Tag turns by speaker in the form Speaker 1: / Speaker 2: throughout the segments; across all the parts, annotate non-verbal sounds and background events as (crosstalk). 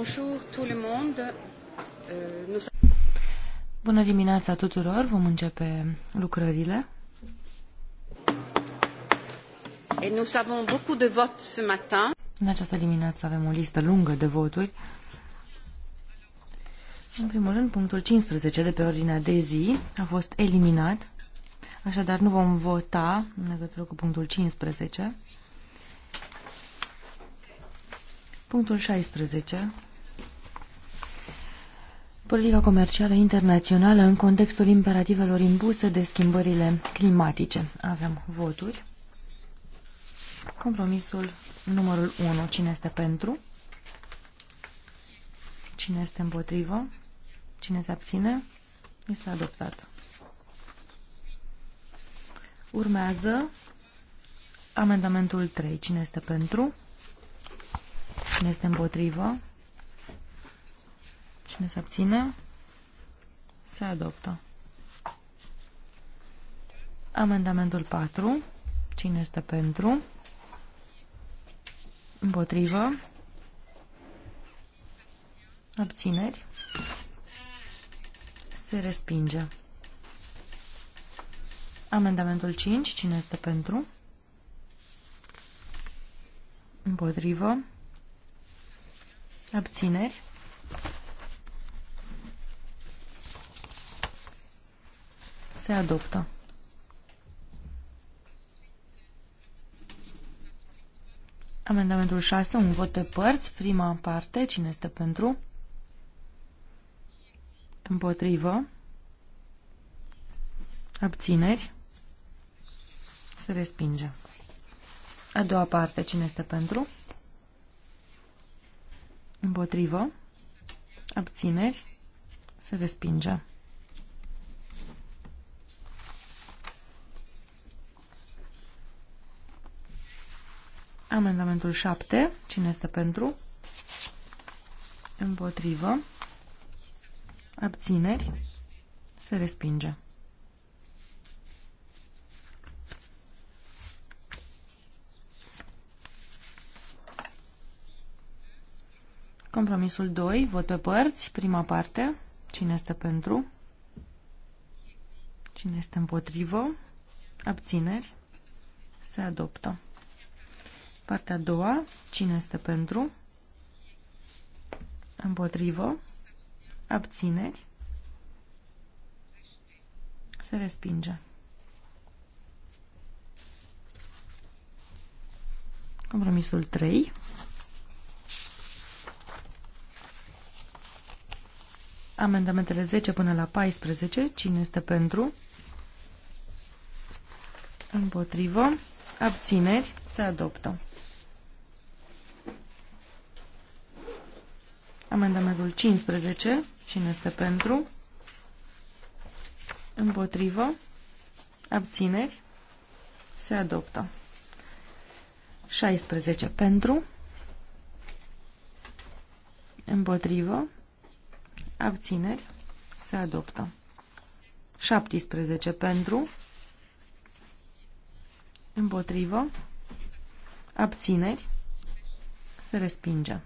Speaker 1: Euh,
Speaker 2: Bună dimineața tuturor, vom începe lucrările.
Speaker 1: Et nous avons beaucoup de votes ce
Speaker 2: matin. În această dimineață avem o listă lungă de voturi. În primul rând, punctul 15 de pe ordinea de zi a fost eliminat, așadar nu vom vota în legătură cu punctul 15. Punctul 16 politica comercială internațională în contextul imperativelor impuse de schimbările climatice. Avem voturi. Compromisul numărul 1. Cine este pentru? Cine este împotrivă? Cine se abține? Este adoptat. Urmează amendamentul 3. Cine este pentru? Cine este împotrivă? Cine se abține? Se adoptă. Amendamentul 4. Cine este pentru? Împotrivă? Abțineri? Se respinge. Amendamentul 5. Cine este pentru? Împotrivă? Abțineri? se adoptă. Amendamentul 6, un vot pe părți, prima parte, cine este pentru? Împotrivă. Abțineri. Se respinge. A doua parte, cine este pentru? Împotrivă. Abțineri. Se respinge. Amendamentul 7. Cine este pentru? Împotrivă. Abțineri. Se respinge. Compromisul 2. Vot pe părți. Prima parte. Cine este pentru? Cine este împotrivă? Abțineri. Se adoptă. Partea a doua, cine este pentru? Împotrivă. Abțineri. Se respinge. Compromisul 3. Amendamentele 10 până la 14. Cine este pentru? Împotrivă. Abțineri. Se adoptă. Amendamentul 15. Cine este pentru? Împotrivă. Abțineri. Se adoptă. 16 pentru. Împotrivă. Abțineri. Se adoptă. 17 pentru. Împotrivă. Abțineri. Se respinge.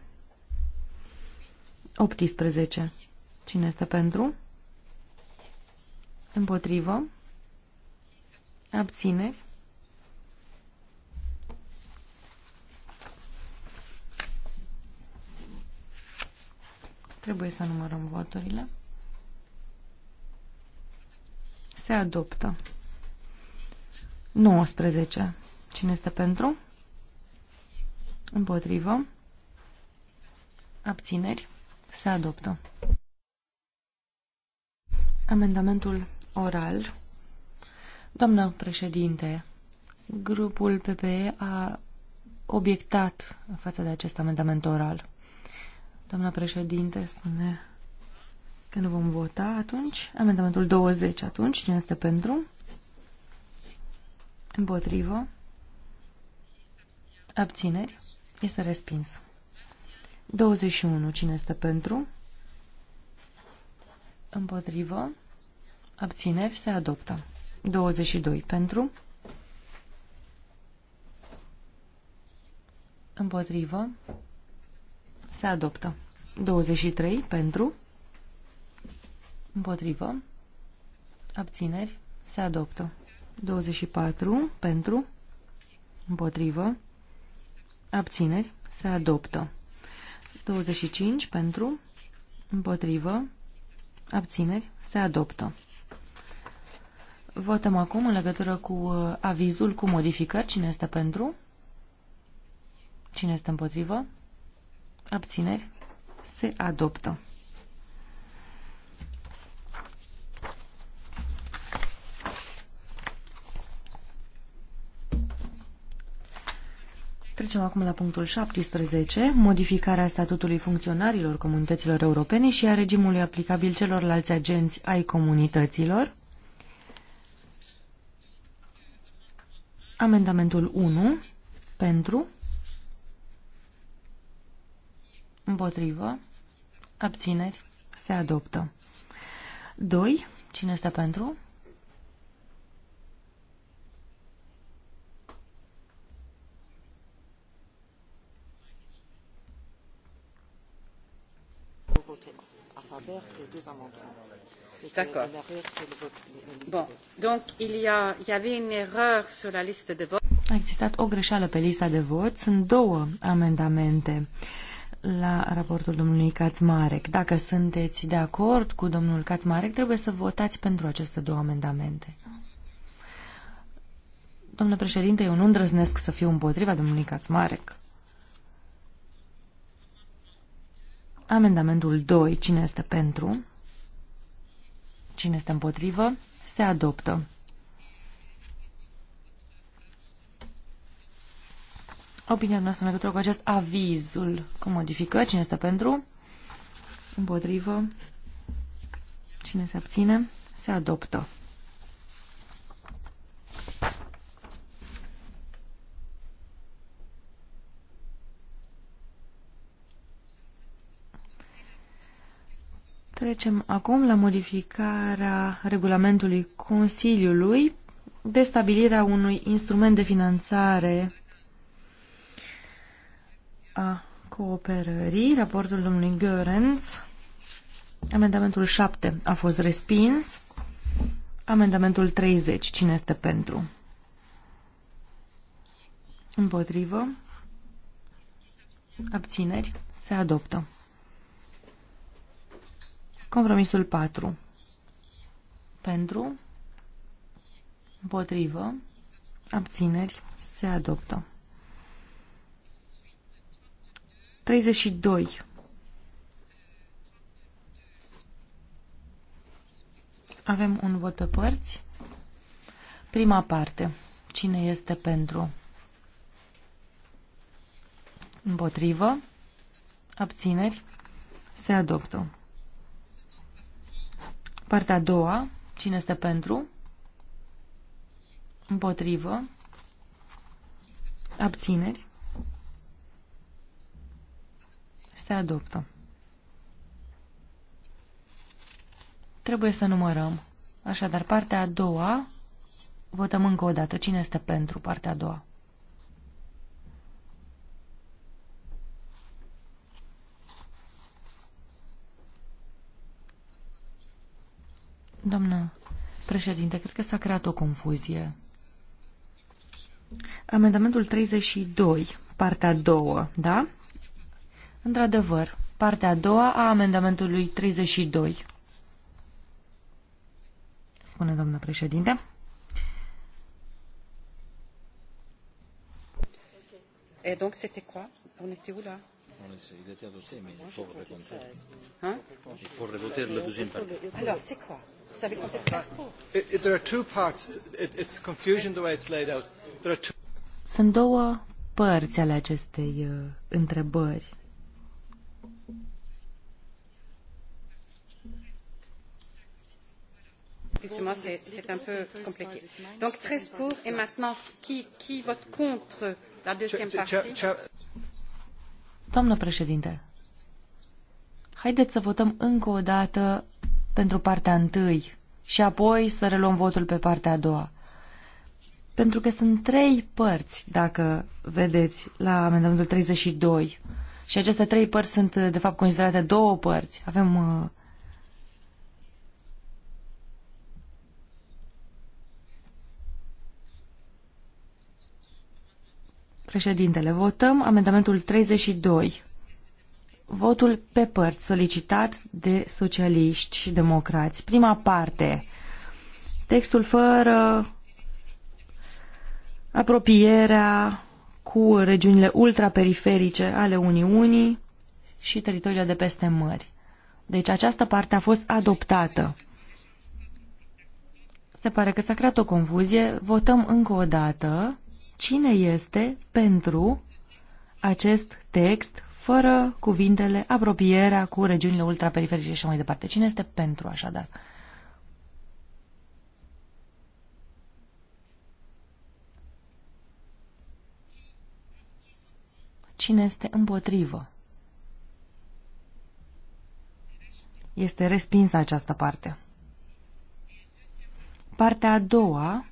Speaker 2: 18. Cine este pentru? Împotrivă. Abțineri. Trebuie să numărăm voturile. Se adoptă. 19. Cine este pentru? Împotrivă. Abțineri. Se adoptă. Amendamentul oral. Doamna președinte, grupul PPE a obiectat în față de acest amendament oral. Doamna președinte spune că nu vom vota atunci. Amendamentul 20 atunci. Cine este pentru? Împotrivă. Abțineri. Este respins. 21. Cine este pentru? Împotrivă. Abțineri se adoptă. 22. Pentru. Împotrivă. Se adoptă. 23. Pentru. Împotrivă. Abțineri. Se adoptă. 24. Pentru. Împotrivă. Abțineri. Se adoptă. 25 pentru, împotrivă, abțineri, se adoptă. Votăm acum în legătură cu uh, avizul cu modificări. Cine este pentru? Cine este împotrivă? Abțineri? Se adoptă. Trecem acum la punctul 17, modificarea statutului funcționarilor comunităților europene și a regimului aplicabil celorlalți agenți ai comunităților. Amendamentul 1 pentru împotrivă abțineri se adoptă. 2. Cine este pentru?
Speaker 1: travers des deux amendements. D'accord. Bon. Donc, il y, a, il y avait une erreur sur la liste de vote.
Speaker 2: A existat o greșeală pe lista de vot. Sunt două amendamente la raportul domnului Cațmarec. Dacă sunteți de acord cu domnul Cațmarec, trebuie să votați pentru aceste două amendamente. Domnule președinte, eu nu îndrăznesc să fiu împotriva domnului Cațmarec. Amendamentul 2. Cine este pentru? Cine este împotrivă? Se adoptă. Opinia noastră în legătură cu acest avizul cu modificări. Cine este pentru? Împotrivă? Cine se abține? Se adoptă. Trecem acum la modificarea regulamentului Consiliului de stabilirea unui instrument de finanțare a cooperării. Raportul domnului Görenț. Amendamentul 7 a fost respins. Amendamentul 30. Cine este pentru? Împotrivă. Abțineri. Se adoptă. Compromisul 4. Pentru, împotrivă, abțineri, se adoptă. 32. Avem un vot pe părți. Prima parte. Cine este pentru? Împotrivă. Abțineri. Se adoptă. Partea a doua, cine este pentru? Împotrivă. Abțineri. Se adoptă. Trebuie să numărăm. Așadar, partea a doua, votăm încă o dată. Cine este pentru partea a doua? Doamnă președinte, cred că s-a creat o confuzie. Amendamentul 32, partea a doua, da? Într-adevăr, partea a doua a amendamentului 32. Spune doamna președinte.
Speaker 1: E donc c'était quoi On était où là On il était adossé, mais il faut, Hein?
Speaker 3: il faut revoter la deuxième partie.
Speaker 1: Alors, c'est quoi Uh,
Speaker 2: Sunt două părți ale acestei uh, întrebări.
Speaker 1: Excusez-moi, c'est un peu compliqué. Donc 13 pour et maintenant qui, qui vote contre la deuxième
Speaker 4: partie
Speaker 2: Doamnă președinte, haideți să votăm încă o dată pentru partea întâi și apoi să reluăm votul pe partea a doua. Pentru că sunt trei părți, dacă vedeți, la amendamentul 32. Și aceste trei părți sunt, de fapt, considerate două părți. Avem uh, Președintele, votăm amendamentul 32 votul pe părți solicitat de socialiști și democrați. Prima parte, textul fără apropierea cu regiunile ultraperiferice ale Uniunii și teritoriile de peste mări. Deci această parte a fost adoptată. Se pare că s-a creat o confuzie. Votăm încă o dată cine este pentru acest text fără cuvintele apropierea cu regiunile ultraperiferice și așa mai departe. Cine este pentru așadar? Cine este împotrivă? Este respinsă această parte. Partea a doua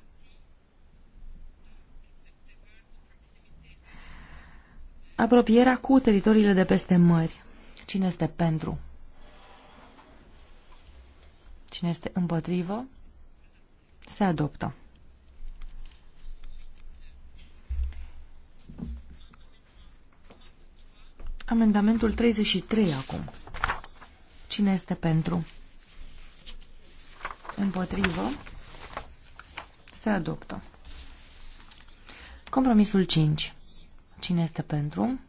Speaker 2: apropierea cu teritoriile de peste mări. Cine este pentru? Cine este împotrivă? Se adoptă. Amendamentul 33 acum. Cine este pentru? Împotrivă. Se adoptă. Compromisul 5. Cine este pentru?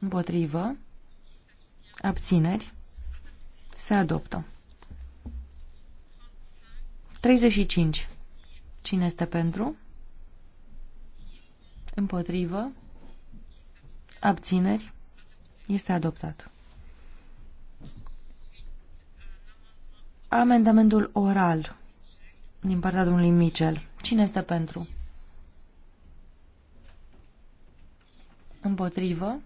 Speaker 2: Împotrivă? Abțineri? Se adoptă. 35. Cine este pentru? Împotrivă? Abțineri? Este adoptat. Amendamentul oral din partea domnului Michel. Cine este pentru? Împotrivă.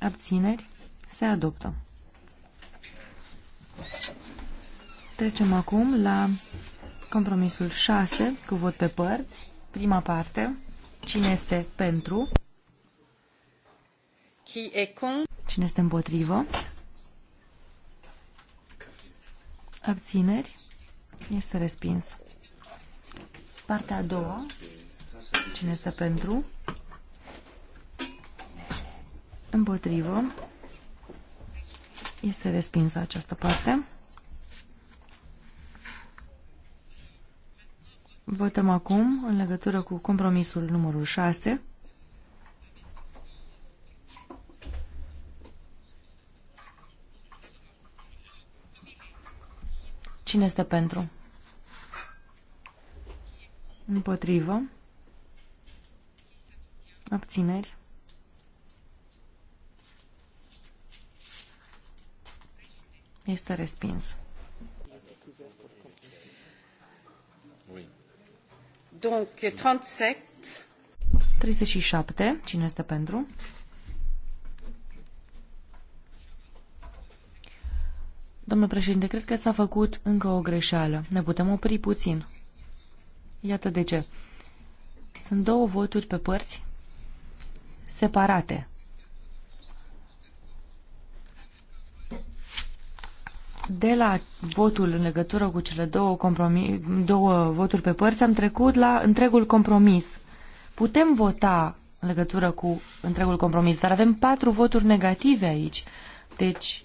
Speaker 2: Abțineri. Se adoptă. Trecem acum la compromisul 6 cu vot pe părți. Prima parte. Cine este pentru? Cine este împotrivă? Abțineri. Este respins. Partea a doua. Cine este pentru? Împotrivă. Este respinsă această parte. Votăm acum în legătură cu compromisul numărul 6. Cine este pentru? Împotrivă. Abțineri. Este respins.
Speaker 1: Donc, 37.
Speaker 2: 37. Cine este pentru? Domnule președinte, cred că s-a făcut încă o greșeală. Ne putem opri puțin. Iată de ce. Sunt două voturi pe părți separate. de la votul în legătură cu cele două, două voturi pe părți am trecut la întregul compromis. Putem vota în legătură cu întregul compromis, dar avem patru voturi negative aici. Deci,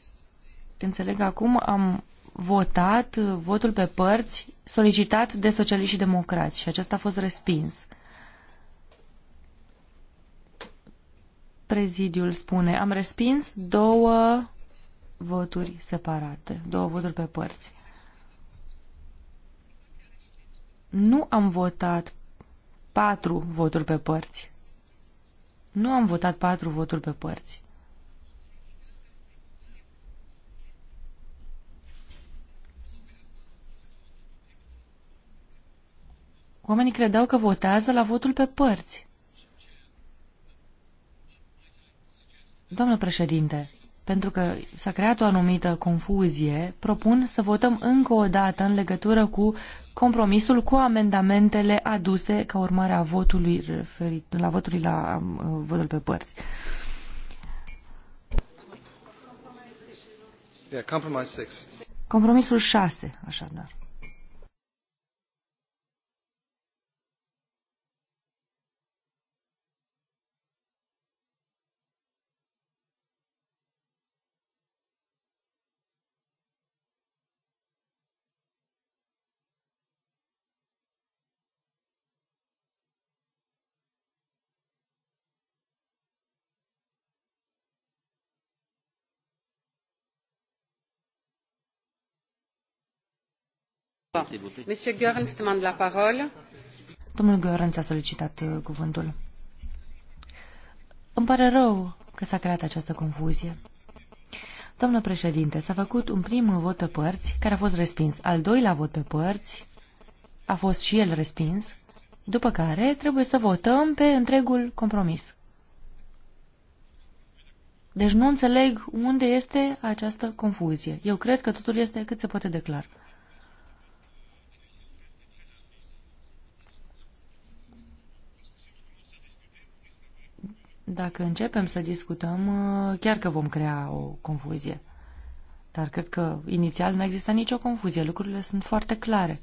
Speaker 2: înțeleg acum, am votat votul pe părți solicitat de socialiști și democrați și acesta a fost respins. Prezidiul spune, am respins două voturi separate, două voturi pe părți. Nu am votat patru voturi pe părți. Nu am votat patru voturi pe părți. Oamenii credeau că votează la votul pe părți. Doamnă președinte, pentru că s-a creat o anumită confuzie, propun să votăm încă o dată în legătură cu compromisul cu amendamentele aduse ca urmare a votului referit, la votului la uh, votul pe părți. Yeah, compromisul 6, așadar. Domnul Görens a solicitat uh, cuvântul. Îmi pare rău că s-a creat această confuzie. Domnul președinte, s-a făcut un prim vot pe părți, care a fost respins. Al doilea vot pe părți a fost și el respins, după care trebuie să votăm pe întregul compromis. Deci nu înțeleg unde este această confuzie. Eu cred că totul este cât se poate de clar. Dacă începem să discutăm, uh, chiar că vom crea o confuzie. Dar cred că inițial nu există nicio confuzie, lucrurile sunt foarte clare.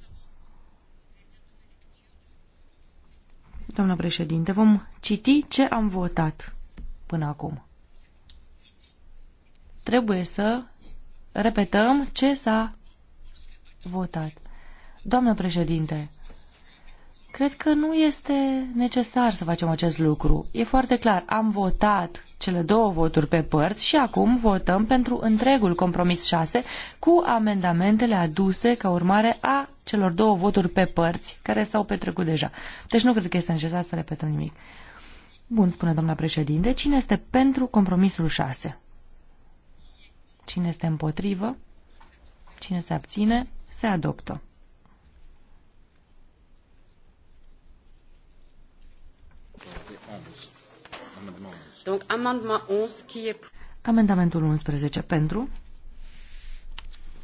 Speaker 2: Doamna președinte, vom citi ce am votat până acum. Trebuie să repetăm ce s-a votat. Doamnă președinte, Cred că nu este necesar să facem acest lucru. E foarte clar, am votat cele două voturi pe părți și acum votăm pentru întregul compromis 6 cu amendamentele aduse ca urmare a celor două voturi pe părți care s-au petrecut deja. Deci nu cred că este necesar să repetăm nimic. Bun, spune doamna președinte, cine este pentru compromisul 6? Cine este împotrivă? Cine se abține? Se adoptă.
Speaker 1: Donc, amendement 11, qui est...
Speaker 2: Amendamentul 11 pentru.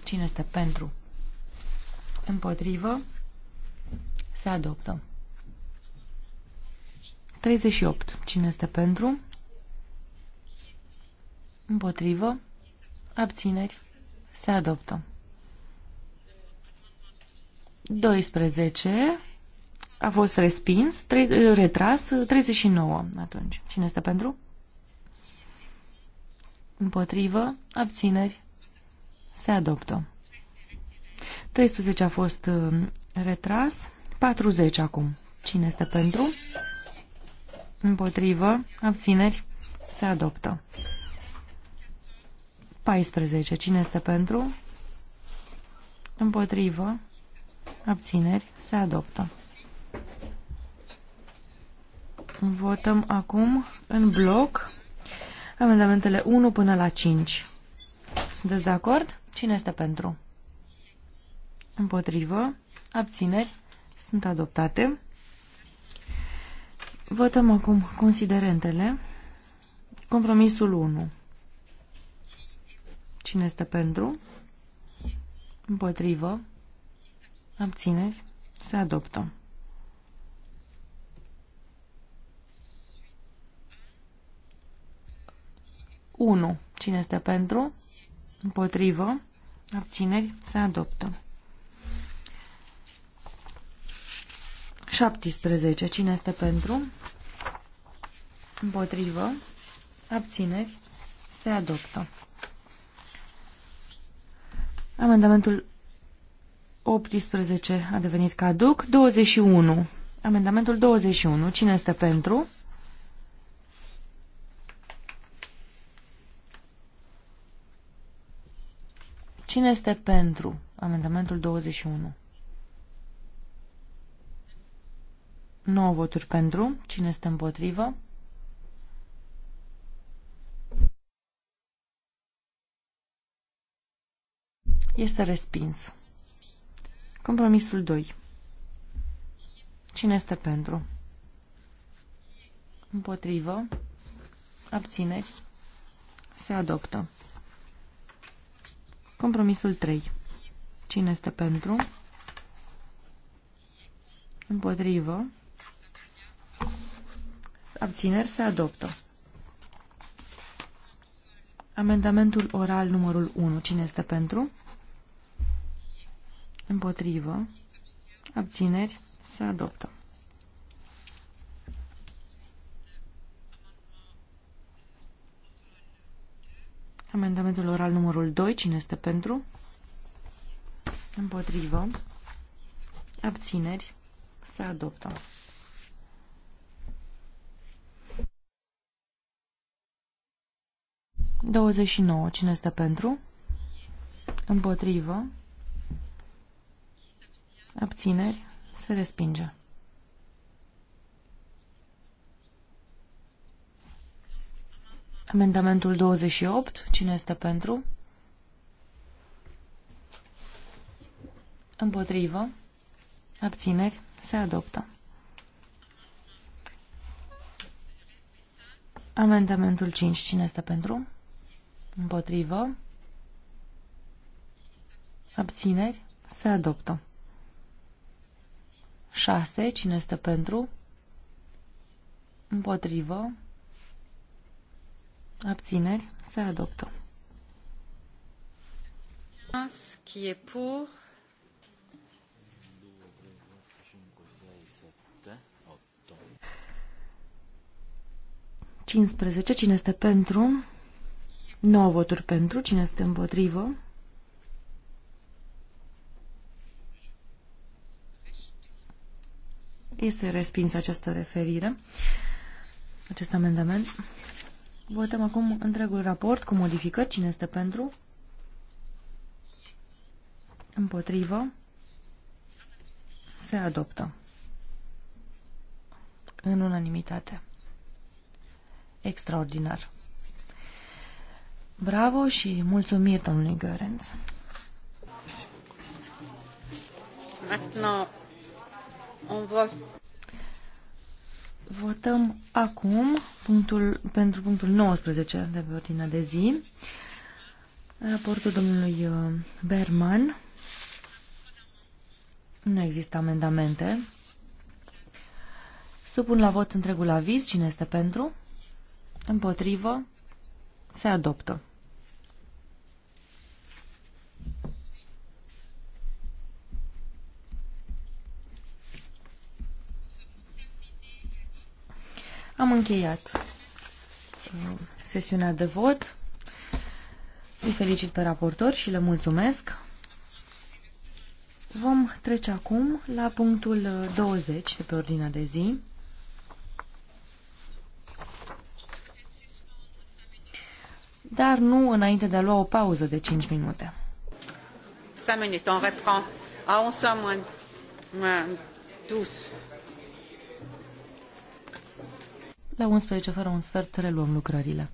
Speaker 2: Cine este pentru? Împotrivă. Se adoptă. 38. Cine este pentru? Împotrivă. Abțineri. Se adoptă. 12. A fost respins. 3, retras. 39. Atunci. Cine este pentru? Împotrivă. Abțineri. Se adoptă. 13 a fost uh, retras. 40 acum. Cine este pentru? Împotrivă. Abțineri. Se adoptă. 14. Cine este pentru? Împotrivă. Abțineri. Se adoptă. Votăm acum în bloc Amendamentele 1 până la 5. Sunteți de acord? Cine este pentru? Împotrivă. Abțineri. Sunt adoptate. Votăm acum considerentele. Compromisul 1. Cine este pentru? Împotrivă. Abțineri. Se adoptă. 1. Cine este pentru? Împotrivă. Abțineri. Se adoptă. 17. Cine este pentru? Împotrivă. Abțineri. Se adoptă. Amendamentul 18 a devenit caduc. 21. Amendamentul 21. Cine este pentru? Cine este pentru amendamentul 21? 9 voturi pentru. Cine este împotrivă? Este respins. Compromisul 2. Cine este pentru? Împotrivă. Abțineri. Se adoptă. Compromisul 3. Cine este pentru? Împotrivă. Abțineri se adoptă. Amendamentul oral numărul 1. Cine este pentru? Împotrivă. Abțineri se adoptă. Amendamentul oral numărul 2. Cine este pentru? Împotrivă. Abțineri. Se adoptă. Douăzeci și nouă. Cine este pentru? Împotrivă. Abțineri. Se respinge. Amendamentul 28. Cine este pentru? Împotrivă. Abțineri. Se adoptă. Amendamentul 5. Cine este pentru? Împotrivă. Abțineri. Se adoptă. 6. Cine este pentru? Împotrivă. Abțineri. Se adoptă.
Speaker 1: Qui est pour?
Speaker 2: Cincisprezece. Cine este pentru? 9 voturi pentru. Cine este împotrivă? Este respins această referire, acest amendament. Votăm acum întregul raport cu modificări. Cine este pentru? Împotrivă. Se adoptă. În unanimitate. Extraordinar. Bravo și mulțumiri domnului Gărenț.
Speaker 1: Maintenant, on vote
Speaker 2: Votăm acum punctul, pentru punctul 19 de pe ordinea de zi. Raportul domnului uh, Berman. Nu există amendamente. Supun la vot întregul aviz. Cine este pentru? Împotrivă? Se adoptă. Am încheiat uh, sesiunea de vot. Îi felicit pe raportor și le mulțumesc. Vom trece acum la punctul 20 uh, de pe ordinea de zi. Dar nu înainte de a lua o pauză de 5 minute.
Speaker 1: 5 minute, on reprend. A 11
Speaker 2: 12. La 11 fără un sfert reluăm lucrările.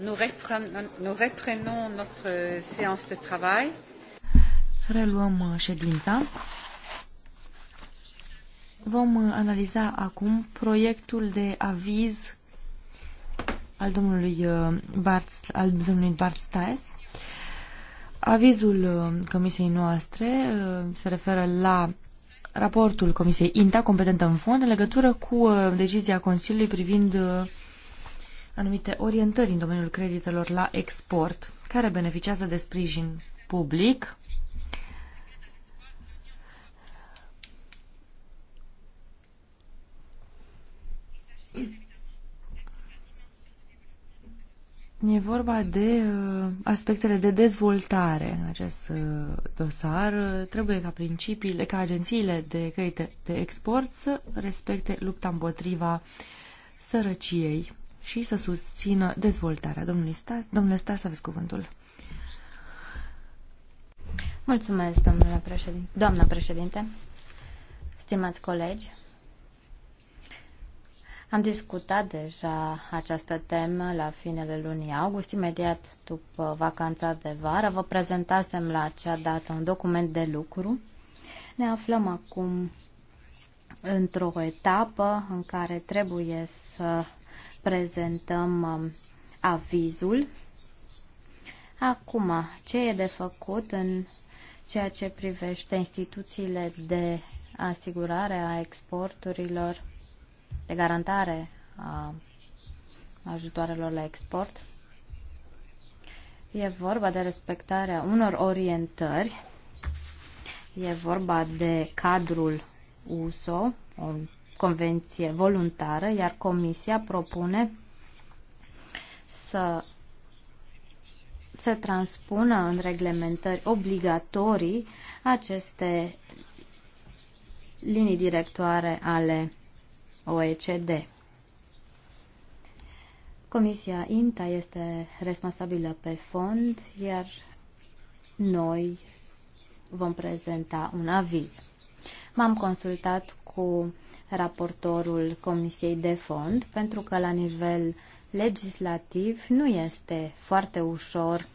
Speaker 1: Nous reprenons, notre séance de travail.
Speaker 2: Reluăm uh, ședința. Vom uh, analiza acum proiectul de aviz al domnului uh, Bart, al domnului Bart Staes. Avizul comisiei noastre se referă la raportul comisiei INTA competentă în fond în legătură cu decizia Consiliului privind anumite orientări în domeniul creditelor la export, care beneficiază de sprijin public. E vorba de uh, aspectele de dezvoltare în acest uh, dosar. Uh, trebuie ca principiile, ca agențiile de credite de export să respecte lupta împotriva sărăciei și să susțină dezvoltarea. Domnule Stas, domnule Stas aveți cuvântul.
Speaker 4: Mulțumesc, domnule președinte. Doamna președinte, stimați colegi, am discutat deja această temă la finele lunii august, imediat după vacanța de vară. Vă prezentasem la acea dată un document de lucru. Ne aflăm acum într-o etapă în care trebuie să prezentăm um, avizul. Acum, ce e de făcut în ceea ce privește instituțiile de asigurare a exporturilor, de garantare a ajutoarelor la export? E vorba de respectarea unor orientări, e vorba de cadrul USO, un convenție voluntară, iar Comisia propune să se transpună în reglementări obligatorii aceste linii directoare ale OECD. Comisia INTA este responsabilă pe fond, iar noi vom prezenta un aviz. M-am consultat cu raportorul Comisiei de Fond, pentru că la nivel legislativ nu este foarte ușor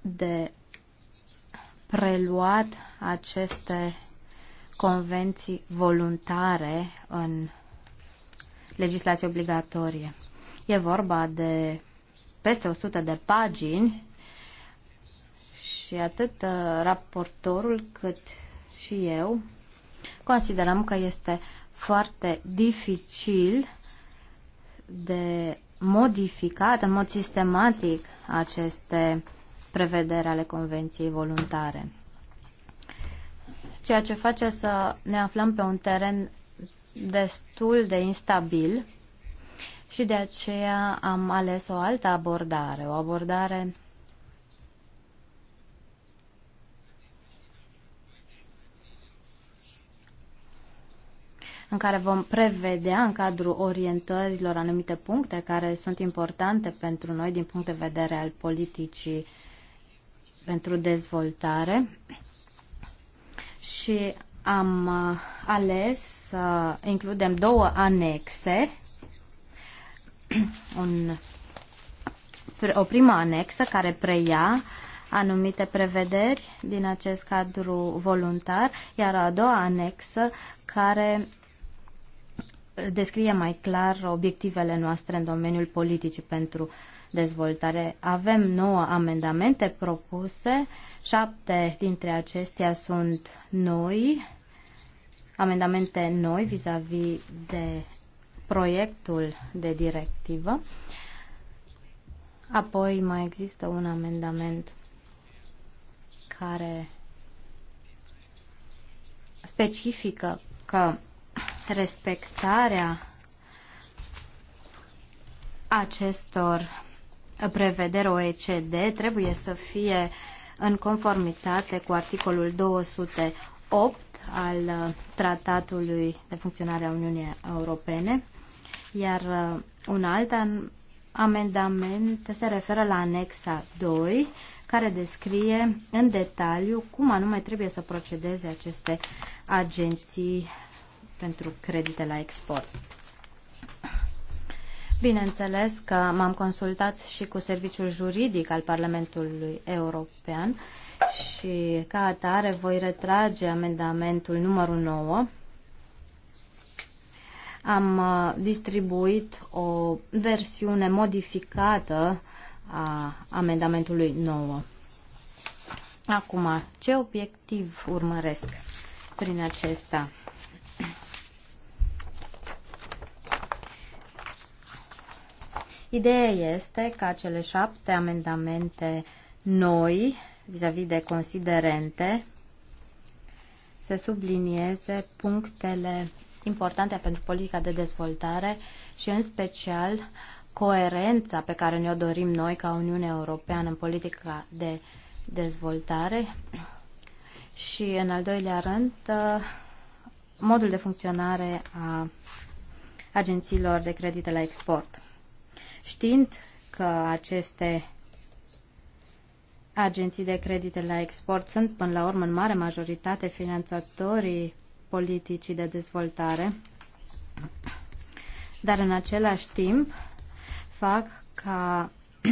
Speaker 4: de preluat aceste convenții voluntare în legislație obligatorie. E vorba de peste 100 de pagini și atât uh, raportorul cât și eu considerăm că este foarte dificil de modificat în mod sistematic aceste prevederi ale Convenției Voluntare. Ceea ce face să ne aflăm pe un teren destul de instabil și de aceea am ales o altă abordare, o abordare în care vom prevedea în cadrul orientărilor anumite puncte care sunt importante pentru noi din punct de vedere al politicii pentru dezvoltare și am uh, ales să includem două anexe, (clears throat) un, o primă anexă care preia anumite prevederi din acest cadru voluntar, iar a doua anexă care descrie mai clar obiectivele noastre în domeniul politicii pentru dezvoltare. Avem nouă amendamente propuse, șapte dintre acestea sunt noi, amendamente noi vis-a-vis -vis de proiectul de directivă. Apoi mai există un amendament care specifică că respectarea acestor prevederi OECD trebuie să fie în conformitate cu articolul 208 al Tratatului de Funcționare a Uniunii Europene, iar uh, un alt amendament se referă la anexa 2, care descrie în detaliu cum anume trebuie să procedeze aceste agenții pentru credite la export. Bineînțeles că m-am consultat și cu serviciul juridic al Parlamentului European și ca atare voi retrage amendamentul numărul 9. Am uh, distribuit o versiune modificată a amendamentului 9. Acum, ce obiectiv urmăresc prin acesta? Ideea este ca cele șapte amendamente noi vis-a-vis -vis de considerente să sublinieze punctele importante pentru politica de dezvoltare și în special coerența pe care ne-o dorim noi ca Uniunea Europeană în politica de dezvoltare și în al doilea rând modul de funcționare a agențiilor de credite la export știind că aceste agenții de credite la export sunt până la urmă în mare majoritate finanțatorii politicii de dezvoltare, dar în același timp fac ca (clears throat)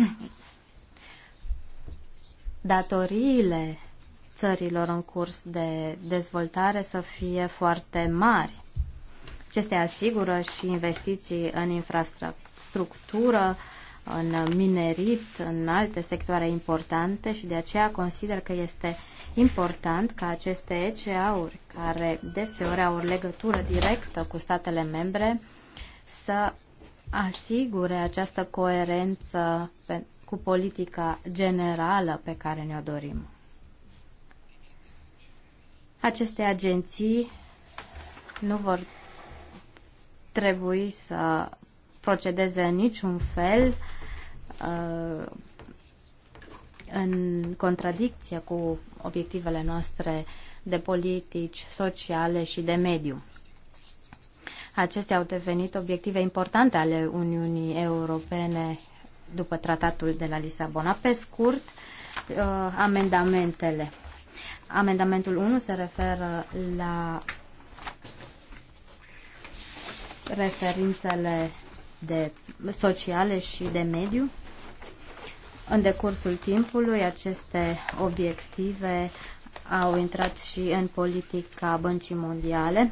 Speaker 4: datoriile țărilor în curs de dezvoltare să fie foarte mari. Acestea asigură și investiții în infrastructură structură în minerit, în alte sectoare importante și de aceea consider că este important ca aceste ECA-uri, care deseori au o legătură directă cu statele membre, să asigure această coerență pe, cu politica generală pe care ne-o dorim. Aceste agenții nu vor trebui să procedeze în niciun fel uh, în contradicție cu obiectivele noastre de politici sociale și de mediu. Acestea au devenit obiective importante ale Uniunii Europene după tratatul de la Lisabona. Pe scurt, uh, amendamentele. Amendamentul 1 se referă la referințele de sociale și de mediu. În decursul timpului, aceste obiective au intrat și în politica Băncii Mondiale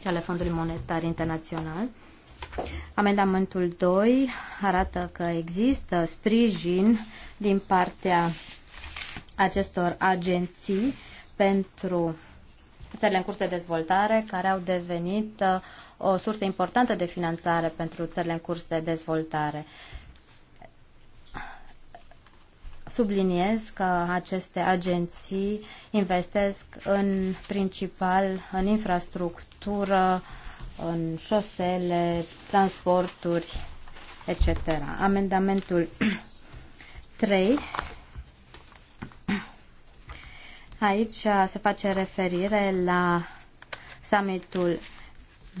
Speaker 4: și ale Fondului Monetar Internațional. Amendamentul 2 arată că există sprijin din partea acestor agenții pentru țările în curs de dezvoltare, care au devenit uh, o sursă importantă de finanțare pentru țările în curs de dezvoltare. Subliniez că aceste agenții investesc în principal în infrastructură, în șosele, transporturi, etc. Amendamentul 3 (clears throat) Aici uh, se face referire la summitul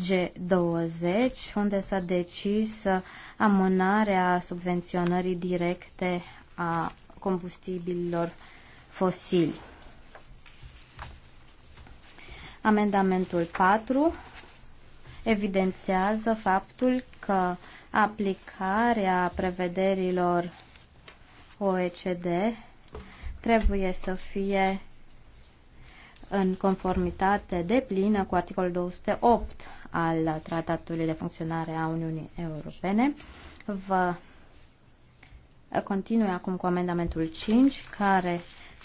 Speaker 4: G20, unde s-a decis uh, amânarea subvenționării directe a combustibililor fosili. Amendamentul 4 evidențiază faptul că aplicarea prevederilor OECD trebuie să fie în conformitate de plină cu articolul 208 al Tratatului de Funcționare a Uniunii Europene. Vă continui acum cu amendamentul 5, care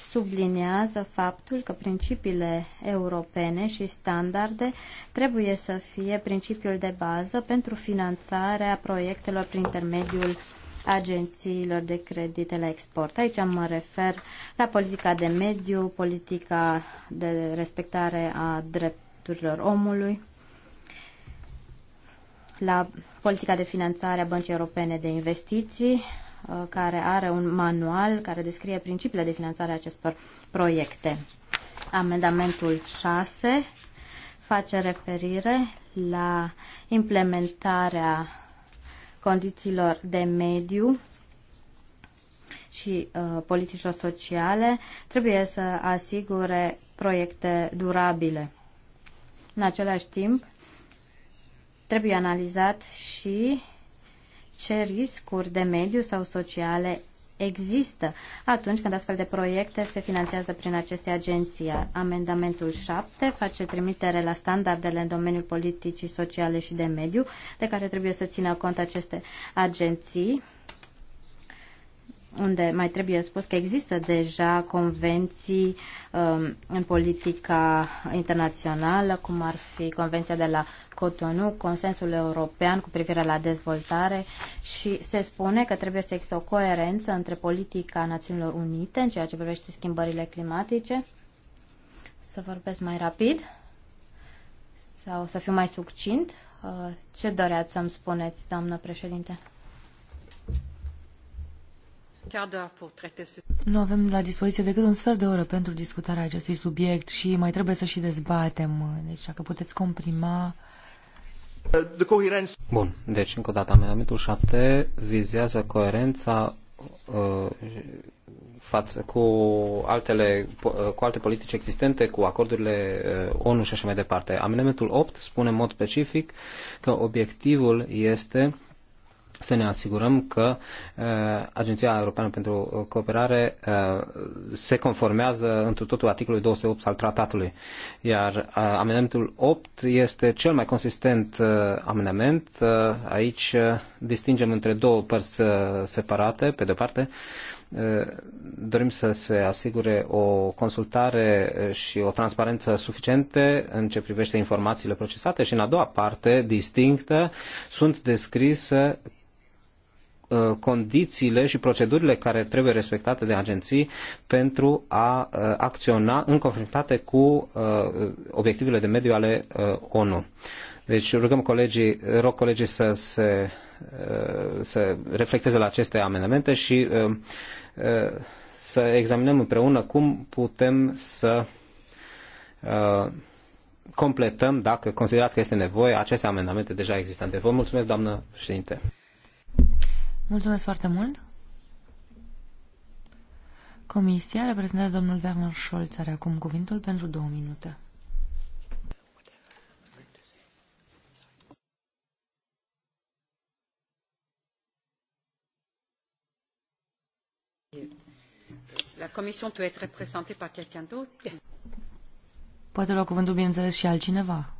Speaker 4: subliniază faptul că principiile europene și standarde trebuie să fie principiul de bază pentru finanțarea proiectelor prin intermediul agențiilor de credite la export. Aici mă refer la politica de mediu, politica de respectare a drepturilor omului, la politica de finanțare a Băncii Europene de Investiții, uh, care are un manual care descrie principiile de finanțare a acestor proiecte. Amendamentul 6 face referire la implementarea condițiilor de mediu și uh, politicilor sociale, trebuie să asigure proiecte durabile. În același timp, trebuie analizat și ce riscuri de mediu sau sociale există atunci când astfel de proiecte se finanțează prin aceste agenții. Amendamentul 7 face trimitere la standardele în domeniul politicii sociale și de mediu, de care trebuie să țină cont aceste agenții unde mai trebuie spus că există deja convenții um, în politica internațională, cum ar fi Convenția de la Cotonou, Consensul European cu privire la dezvoltare și se spune că trebuie să există o coerență între politica Națiunilor Unite în ceea ce privește schimbările climatice. Să vorbesc mai rapid sau să fiu mai succint. Uh, ce doreați să-mi spuneți, doamnă președinte?
Speaker 2: Nu avem la dispoziție decât un sfert de oră pentru discutarea acestui subiect și mai trebuie să și dezbatem. Deci dacă puteți comprima...
Speaker 3: Bun, deci încă o dată, amendamentul 7 vizează coerența uh, față cu altele, uh, cu alte politici existente, cu acordurile uh, ONU și așa mai departe. Amendamentul 8 spune în mod specific că obiectivul este să ne asigurăm că uh, Agenția Europeană pentru uh, Cooperare uh, se conformează întru totul articolului 208 al tratatului. Iar uh, amendamentul 8 este cel mai consistent uh, amendament. Uh, aici uh, distingem între două părți uh, separate, pe de parte. Uh, dorim să se asigure o consultare și o transparență suficiente în ce privește informațiile procesate și în a doua parte, distinctă, sunt descrise Uh, condițiile și procedurile care trebuie respectate de agenții pentru a uh, acționa în conformitate cu uh, obiectivele de mediu ale ONU. Deci rugăm colegii, rog colegii să se să reflecteze la aceste amendamente și să examinăm împreună cum putem să completăm, dacă considerați că este nevoie, aceste amendamente deja existente. Vă mulțumesc, doamnă președinte.
Speaker 2: Mulțumesc foarte mult. Comisia, reprezentată domnul Werner Scholz, are acum cuvintul pentru două minute.
Speaker 1: La commission peut être représentée par quelqu'un d'autre?
Speaker 2: Poate lua cuvântul, bineînțeles, și altcineva.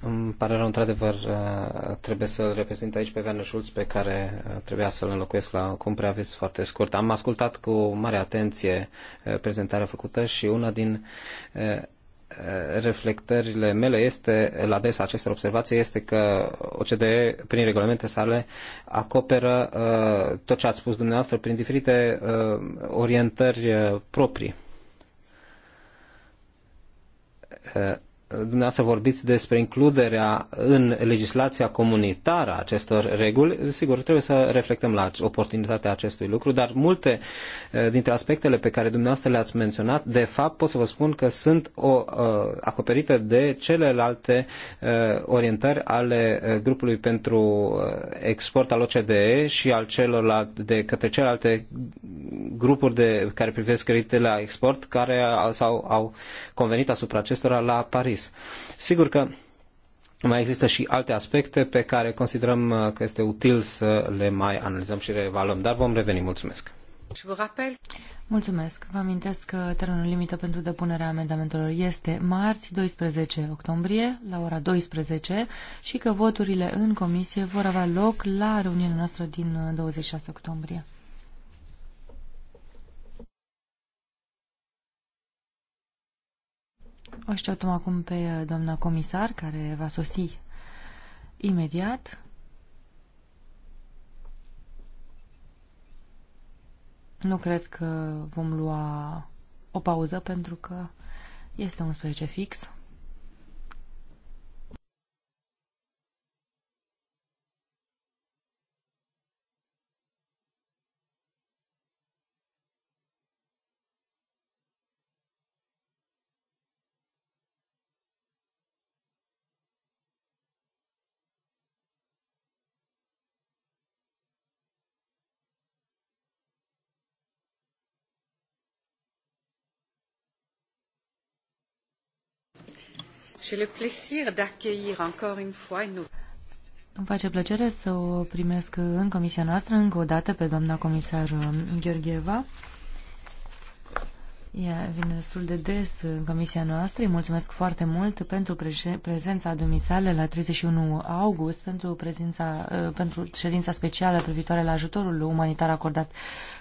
Speaker 3: Îmi pare rău, într-adevăr, uh, trebuie să-l reprezint aici pe Werner Schulz, pe care uh, trebuia să-l înlocuiesc la cum preaviz foarte scurt. Am ascultat cu mare atenție uh, prezentarea făcută și una din reflectările mele este, la adresa acestor observații, este că OCDE, prin regulamente sale, acoperă uh, tot ce ați spus dumneavoastră prin diferite uh, orientări uh, proprii dumneavoastră vorbiți despre includerea în legislația comunitară a acestor reguli, sigur, trebuie să reflectăm la oportunitatea acestui lucru, dar multe eh, dintre aspectele pe care dumneavoastră le-ați menționat, de fapt, pot să vă spun că sunt o, eh, acoperite de celelalte eh, orientări ale grupului pentru export al OCDE și al celorlalte, de către celelalte grupuri de, care privesc creditele la export, care s-au, au convenit asupra acestora la Paris. Paris. Sigur că mai există și alte aspecte pe care considerăm uh, că este util să le mai analizăm și le evaluăm, dar vom reveni. Mulțumesc!
Speaker 2: Mulțumesc. Vă amintesc că termenul limită pentru depunerea amendamentelor este marți 12 octombrie la ora 12 și că voturile în comisie vor avea loc la reuniunea noastră din 26 uh, octombrie. O așteptăm acum pe uh, doamna comisar, care va sosi imediat. Nu cred că vom lua o pauză, pentru că este 11 fix. Îmi face plăcere să o primesc în comisia noastră încă o dată pe doamna comisar um, Gheorgheva. Ea vine destul de des în comisia noastră. Îi mulțumesc foarte mult pentru prezența dumisale la 31 august, pentru, prezența, uh, pentru ședința specială privitoare la ajutorul umanitar acordat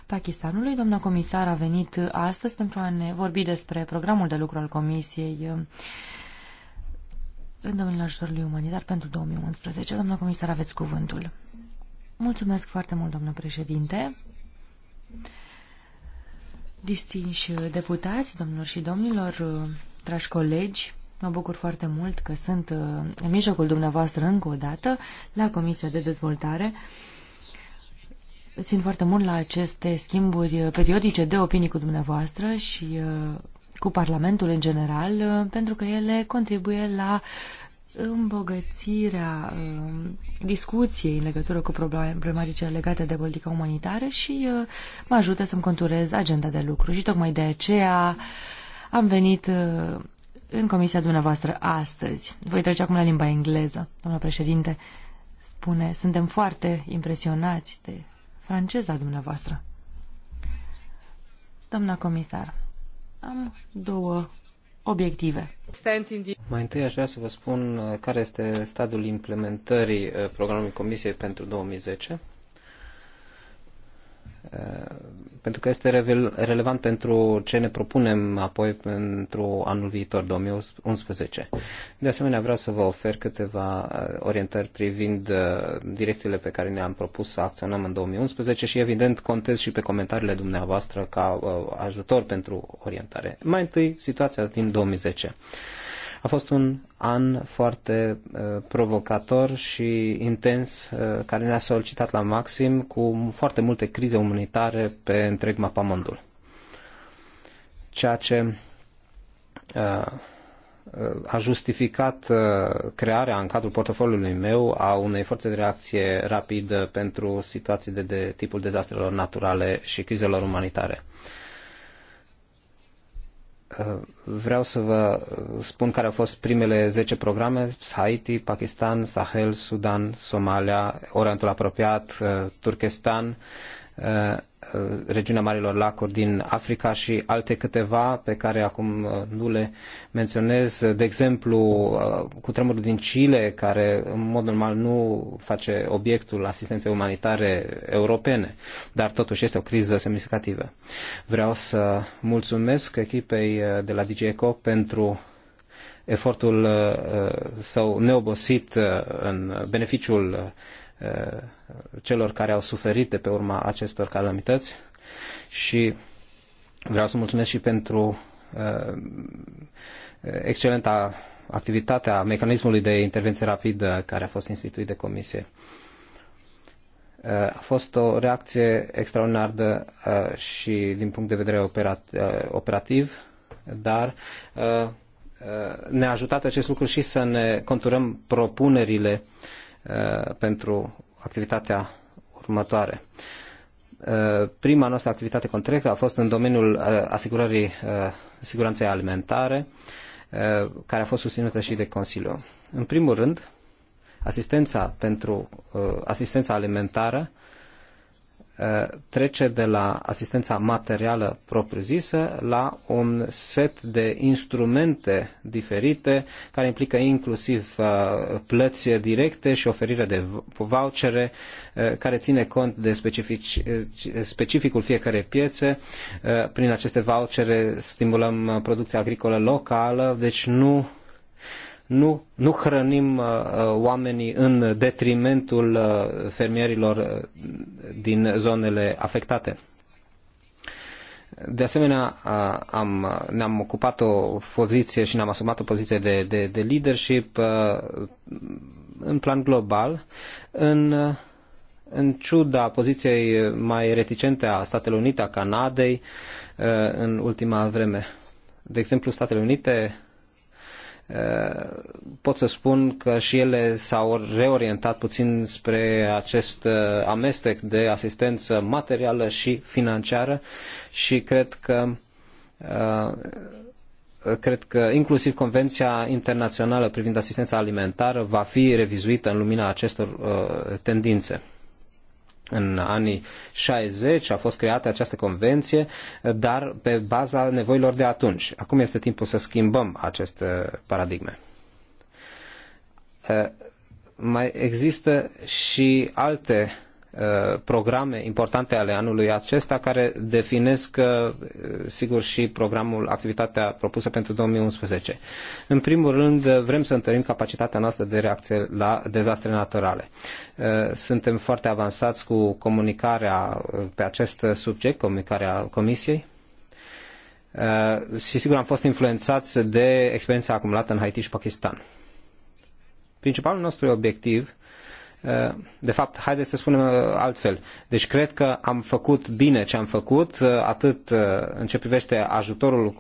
Speaker 2: Pakistanului. Doamna comisar a venit astăzi pentru a ne vorbi despre programul de lucru al comisiei um, în domeniul ajutorului umanitar pentru 2011. Doamna comisar, aveți cuvântul. Mulțumesc foarte mult, doamnă președinte. Distinși deputați, domnilor și domnilor, dragi colegi, mă bucur foarte mult că sunt uh, în mijlocul dumneavoastră încă o dată la Comisia de Dezvoltare. Țin foarte mult la aceste schimburi periodice de opinii cu dumneavoastră și uh, cu Parlamentul în general, uh, pentru că ele contribuie la îmbogățirea uh, discuției în legătură cu problematice legate de politica umanitară și uh, mă ajută să-mi conturez agenda de lucru. Și tocmai de aceea am venit în comisia dumneavoastră astăzi. Voi trece acum la limba engleză. Doamna președinte spune, suntem foarte impresionați de franceza dumneavoastră. Doamna comisar, am două obiective.
Speaker 3: Mai întâi aș vrea să vă spun care este stadiul implementării uh, programului Comisiei pentru 2010 pentru că este relevant pentru ce ne propunem apoi pentru anul viitor, 2011. De asemenea, vreau să vă ofer câteva uh, orientări privind uh, direcțiile pe care ne-am propus să acționăm în 2011 și, evident, contez și pe comentariile dumneavoastră ca uh, ajutor pentru orientare. Mai întâi, situația din 2010. A fost un an foarte uh, provocator și intens, uh, care ne-a solicitat la maxim, cu foarte multe crize umanitare pe întreg mapamondul. Ceea ce uh, uh a justificat uh, crearea în cadrul portofoliului meu a unei forțe de reacție rapidă pentru situații de, de tipul dezastrelor naturale și crizelor umanitare. Uh, Uh, vreau să vă spun care au fost primele 10 programe, Haiti, Pakistan, Sahel, Sudan, Somalia, Orientul Apropiat, uh, Turkestan, Uh, regiunea Marilor Lacuri din Africa și alte câteva pe care acum uh, nu le menționez, de exemplu uh, cu tremurul din Chile, care în mod normal nu face obiectul asistenței umanitare europene, dar totuși este o criză semnificativă. Vreau să mulțumesc echipei de la Eco pentru efortul său neobosit în beneficiul Uh, celor care au suferit de pe urma acestor calamități și vreau să mulțumesc și pentru uh, excelenta activitate a mecanismului de intervenție rapidă care a fost instituit de comisie. Uh, a fost o reacție extraordinară și din punct de vedere operativ, dar ne-a ajutat acest lucru și să ne conturăm propunerile uh, Uh, pentru activitatea următoare. Uh, prima noastră activitate contractă a fost în domeniul uh, asigurării siguranței alimentare, care a fost susținută și de Consiliu. În primul rând, asistența pentru asistența alimentară Eh, trece de la asistența materială propriu-zisă la un set de instrumente diferite care implică inclusiv eh, plăți directe și oferirea de vouchere eh, care ține cont de specific, specificul fiecărei piețe. Prin aceste vouchere stimulăm producția agricolă locală, deci nu nu, nu hrănim uh, uh, oamenii în detrimentul uh, fermierilor din zonele afectate. De asemenea, am, ne-am ocupat o poziție și ne-am asumat o poziție de, de, de leadership în plan global, în, în ciuda poziției mai reticente a Statelor Unite, a Canadei, în ultima vreme. De exemplu, Statele Unite Eh, pot să spun că și ele s-au reorientat puțin spre acest eh, amestec de asistență materială și financiară și cred că eh, cred că inclusiv Convenția Internațională privind asistența alimentară va fi revizuită în lumina acestor tendințe. În anii 60 a fost creată această convenție, dar pe baza nevoilor de atunci. Acum este timpul să schimbăm aceste paradigme. Eh, mai există și alte Uh, programe importante ale anului acesta care definesc, uh, sigur, și programul, activitatea propusă pentru 2011. În primul rând, uh, vrem să întărim capacitatea noastră de reacție la dezastre naturale. Suntem foarte avansați cu comunicarea pe acest subiect, comunicarea Comisiei. Și sigur am fost influențați de experiența acumulată în Haiti și Pakistan. Principalul nostru obiectiv de fapt, haideți să spunem uh, altfel. Deci cred că am făcut bine ce am făcut, uh, atât uh, în ce privește ajutorul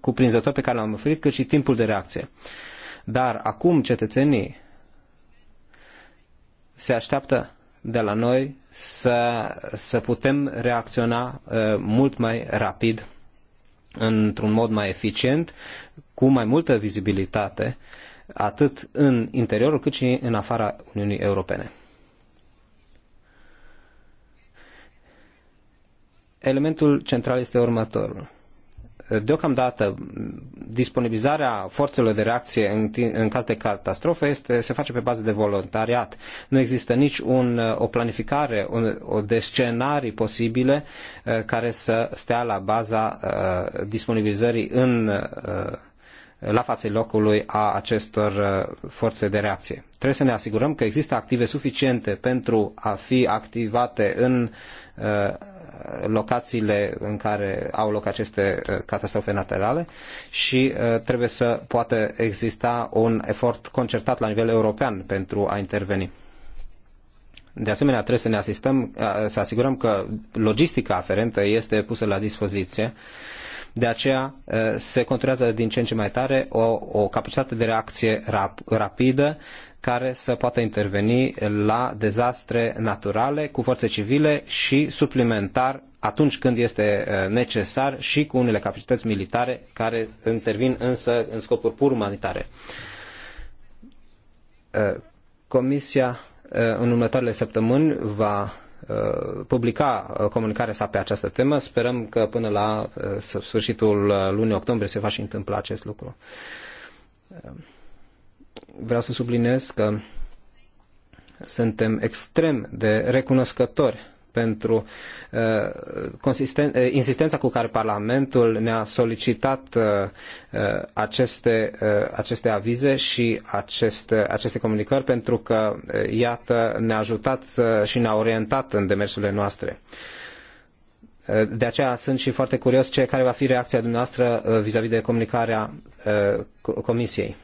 Speaker 3: cuprinzător pe care l-am oferit, cât și timpul de reacție. Dar acum cetățenii se așteaptă de la noi să, să putem reacționa mult mai rapid, într-un mod mai eficient, cu mai multă vizibilitate uh, atât în interiorul cât și în afara Uniunii Europene. Elementul central este următorul. Deocamdată, disponibilizarea forțelor de reacție în, în caz de catastrofă este, se face pe bază de voluntariat. Nu există nici un, o planificare un, o de scenarii posibile uh, care să stea la baza uh, disponibilizării în uh, la fața locului a acestor uh, forțe de reacție. Trebuie să ne asigurăm că există active suficiente pentru a fi activate în uh, locațiile în care au loc aceste uh, catastrofe naturale și trebuie să poată exista un efort concertat la nivel european pentru a interveni. De asemenea, trebuie să ne asistăm, să asigurăm că logistica aferentă este pusă la dispoziție de aceea eh, se conturează din ce în ce mai tare o, o capacitate de reacție rap, rapidă care să poată interveni la dezastre naturale cu forțe civile și suplimentar atunci când este eh, necesar și cu unele capacități militare care intervin însă în scopuri pur umanitare. Eh, Comisia în următoarele săptămâni va Uh, publica uh, comunicarea sa pe această temă. Sperăm că până la uh, sfârșitul lunii octombrie se va și întâmpla acest lucru. Vreau să subliniez că suntem extrem de recunoscători pentru uh, uh, insistența cu care Parlamentul ne-a solicitat uh, aceste, aceste avize și aceste, aceste comunicări, pentru că, iată, ne-a ajutat și ne-a orientat în demersurile noastre. De aceea sunt și foarte curios ce care va fi reacția dumneavoastră vis a -vis de comunicarea Comisiei.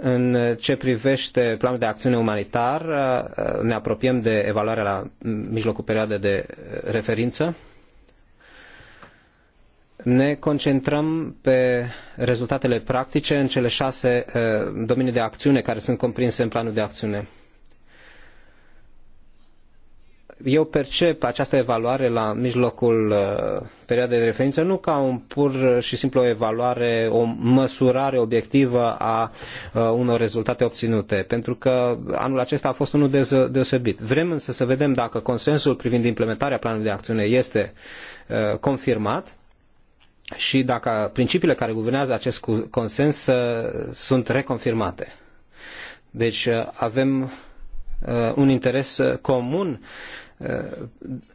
Speaker 3: În ce privește planul de acțiune umanitar, uh, uh, ne apropiem de evaluarea la mijlocul perioadei de uh, referință. Ne concentrăm pe rezultatele practice în cele șase domenii de acțiune care sunt comprinse în planul de acțiune eu percep această evaluare la mijlocul uh, perioadei de referință nu ca un pur și simplu o evaluare, o măsurare obiectivă a uh, unor rezultate obținute, pentru că anul acesta a fost unul deosebit. Vrem însă să vedem dacă consensul privind implementarea planului de acțiune este uh, confirmat și dacă principiile care guvernează acest consens sunt reconfirmate. Deci avem un interes comun Uh,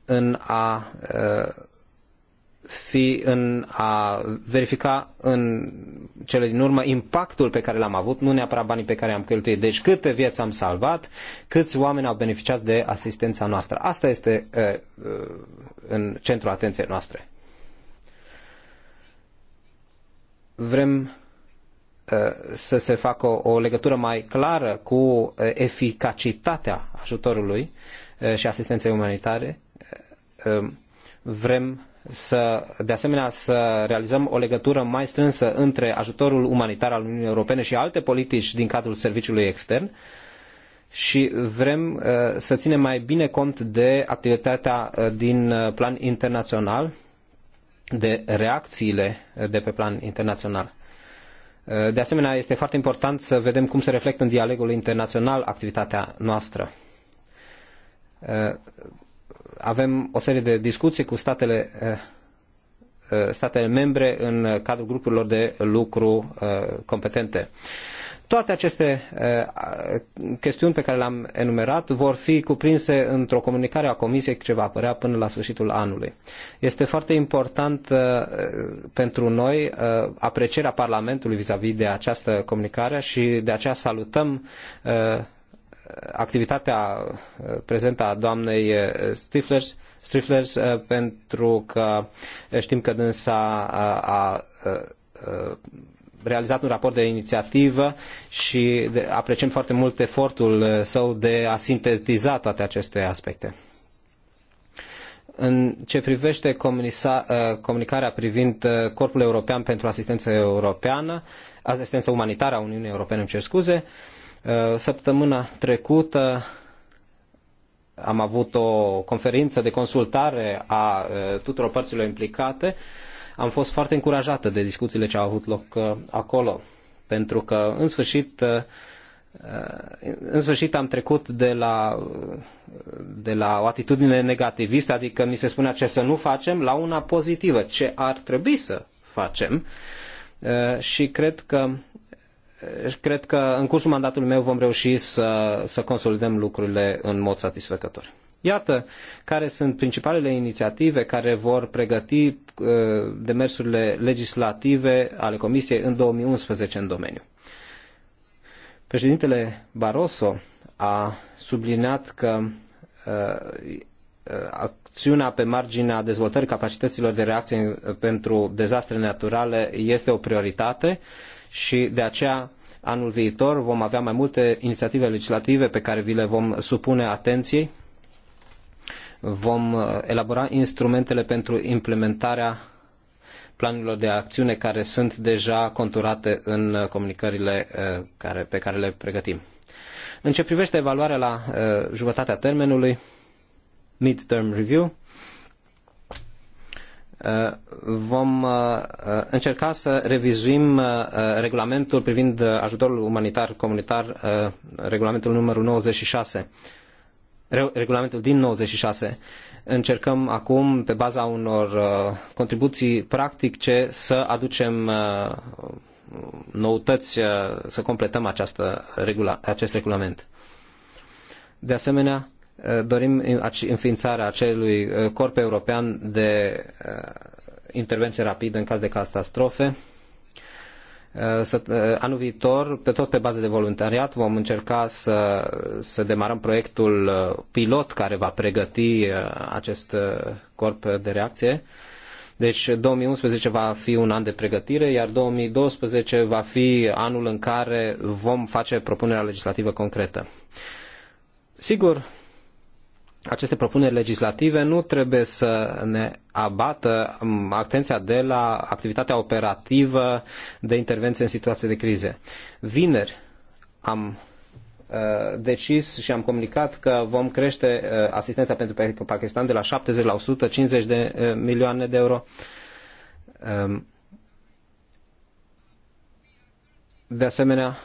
Speaker 3: în a uh, fi în a verifica în cele din urmă impactul pe care l-am avut, nu neapărat banii pe care am cheltuit. Deci câte vieți am salvat, câți oameni au beneficiat de asistența noastră. Asta este uh, în centrul atenției noastre. Vrem să se facă o, legătură mai clară cu eficacitatea ajutorului Eh, și asistenței umanitare. Eh, eh, vrem să, de asemenea să realizăm o legătură mai strânsă între ajutorul umanitar al Uniunii Europene și alte politici din cadrul serviciului extern și vrem să ținem mai bine cont de activitatea din plan internațional, de reacțiile de pe plan internațional. De asemenea, este foarte important să vedem cum se reflectă în dialogul internațional activitatea noastră. Uh, avem o serie de discuții cu statele, uh, uh, statele membre în cadrul grupurilor de lucru competente. Toate aceste chestiuni pe care le-am enumerat vor fi cuprinse într-o comunicare a Comisiei ce va apărea până la sfârșitul anului. Este foarte important pentru noi aprecierea Parlamentului vis-a-vis de această comunicare și de aceea salutăm activitatea uh, prezentă a doamnei uh, Stiflers, Stiflers uh, pentru că știm că dânsa a, a, a realizat un raport de inițiativă și apreciem foarte mult efortul său de a sintetiza toate aceste aspecte. În ce privește comunicarea privind Corpul European pentru Asistență Europeană, Asistență Umanitară a Uniunii Europene, îmi cer scuze, uh, Uh, săptămâna trecută am avut o conferință de consultare a uh, tuturor părților implicate. Am fost foarte încurajată de discuțiile ce au avut loc uh, acolo, pentru că, în sfârșit, în sfârșit am trecut de la, de la o atitudine negativistă, adică mi se spunea ce să nu facem, la una pozitivă, ce ar trebui să facem. Și cred că deci, cred că în cursul mandatului meu vom reuși să, să consolidăm lucrurile în mod satisfăcător. Iată care sunt principalele inițiative care vor pregăti uh, demersurile legislative ale Comisiei în 2011 în domeniu. Președintele Barroso a subliniat că uh, uh, acțiunea pe marginea dezvoltării capacităților de reacție pentru dezastre naturale este o prioritate și de aceea anul viitor vom avea mai multe inițiative legislative pe care vi le vom supune atenției. Vom uh, elabora instrumentele pentru implementarea planurilor de acțiune care sunt deja conturate în uh, comunicările uh, care, pe care le pregătim. În ce privește evaluarea la jumătatea termenului, mid-term review, Uh, vom uh, uh, încerca să revizuim regulamentul privind ajutorul umanitar comunitar, regulamentul numărul 96, regulamentul din 96. Încercăm acum, pe baza unor contribuții practice, să aducem noutăți, să completăm această, acest regulament. De asemenea, Eh, dorim înființarea acelui eh, corp european de eh, intervenție rapidă în caz de catastrofe. Anul viitor, pe tot pe bază de voluntariat, vom încerca să, să demarăm proiectul pilot care va pregăti acest corp de reacție. Deci 2011 va fi un an de pregătire, iar 2012 va fi anul în care vom face propunerea legislativă concretă. Sigur, aceste propuneri legislative nu trebuie să ne abată mm, atenția de la activitatea operativă de intervenție în situații de crize. Vineri am uh, decis și am comunicat că vom crește uh, asistența pentru Pakistan de la 70 la 150 de uh, milioane de euro. Um, de asemenea,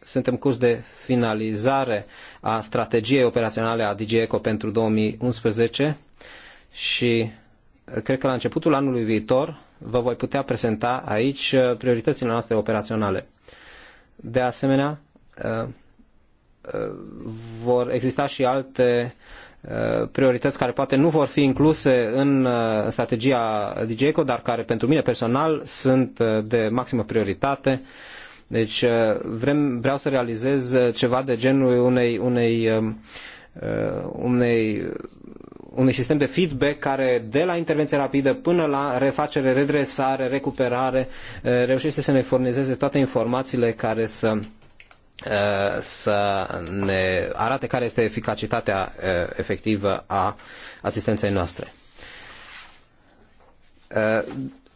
Speaker 3: suntem curs de finalizare a strategiei operaționale a DG Eco pentru 2011 și uh, cred că la începutul anului viitor vă voi putea prezenta aici uh, prioritățile noastre operaționale. De asemenea, uh, vor exista și alte priorități care poate nu vor fi incluse în strategia DGECO, dar care pentru mine personal sunt de maximă prioritate. Deci uh, vrem, vreau să realizez uh, ceva de genul unei, unei, um, uh, unei unui sistem de feedback care de la intervenție rapidă până la refacere, redresare, recuperare reușește să ne furnizeze toate informațiile care să să ne arate care este eficacitatea efectivă a asistenței noastre.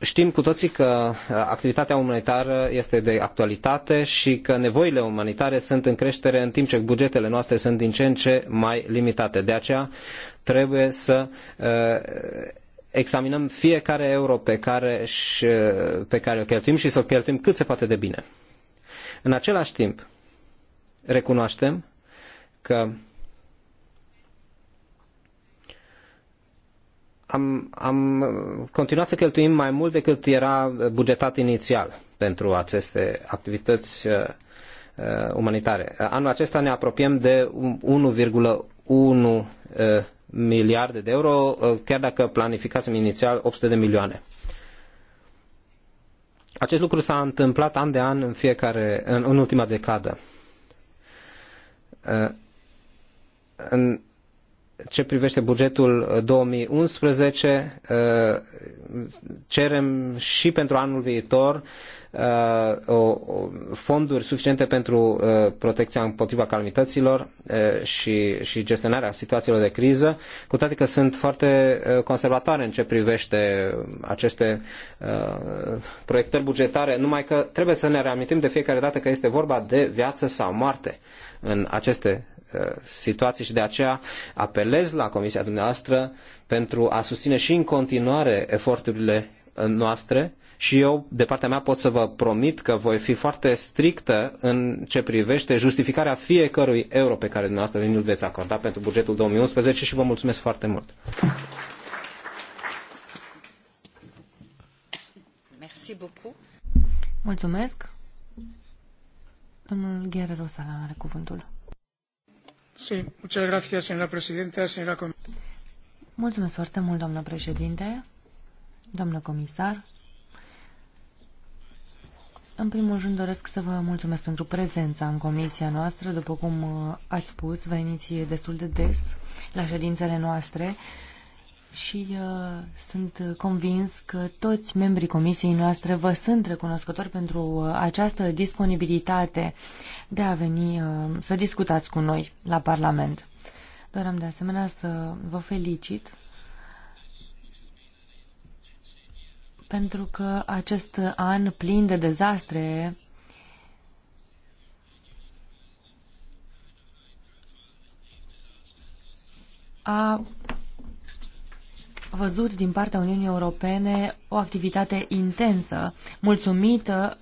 Speaker 3: Știm cu toții că uh, activitatea umanitară este de actualitate și că nevoile umanitare sunt în creștere în timp ce bugetele noastre sunt din ce în ce mai limitate. De aceea trebuie să uh, examinăm fiecare euro pe care, și, uh, pe care o cheltuim și să o cheltuim cât se poate de bine. În același timp, recunoaștem că am, am continuat să cheltuim mai mult decât era bugetat inițial pentru aceste activități uh, uh umanitare. Anul acesta ne apropiem de 1,1 uh, miliarde de euro, uh, chiar dacă planificasem inițial 800 de milioane. Acest lucru s-a întâmplat an de an în fiecare, în, în ultima decadă. În, ce privește bugetul 2011, uh, uh, cerem și pentru anul viitor uh, fonduri suficiente pentru protecția împotriva calamităților și, și gestionarea situațiilor de criză, cu toate că sunt foarte conservatoare în ce privește aceste proiectări bugetare, numai că trebuie să ne reamintim de fiecare dată că este vorba de viață sau moarte în aceste Uh, situații și de aceea apelez la Comisia dumneavoastră pentru a susține și în continuare eforturile uh, noastre și eu, de partea mea, pot să vă promit că voi fi foarte strictă în ce privește justificarea fiecărui euro pe care dumneavoastră nu-l veți acorda pentru bugetul 2011 și vă mulțumesc foarte mult.
Speaker 2: Mulțumesc. Domnul Guerrero Salam are cuvântul. Sí, Mulțumesc foarte mult, doamnă președinte, doamnă comisar. În primul rând doresc să vă mulțumesc pentru prezența în comisia noastră. După cum uh, ați spus, veniți destul de des la ședințele noastre. Uh, și uh, sunt convins că toți membrii comisiei noastre vă sunt recunoscători pentru uh, această disponibilitate de a veni uh, să discutați cu noi la Parlament. Doream de asemenea să vă felicit pentru că acest an plin de dezastre a văzut din partea Uniunii Europene o activitate intensă, mulțumită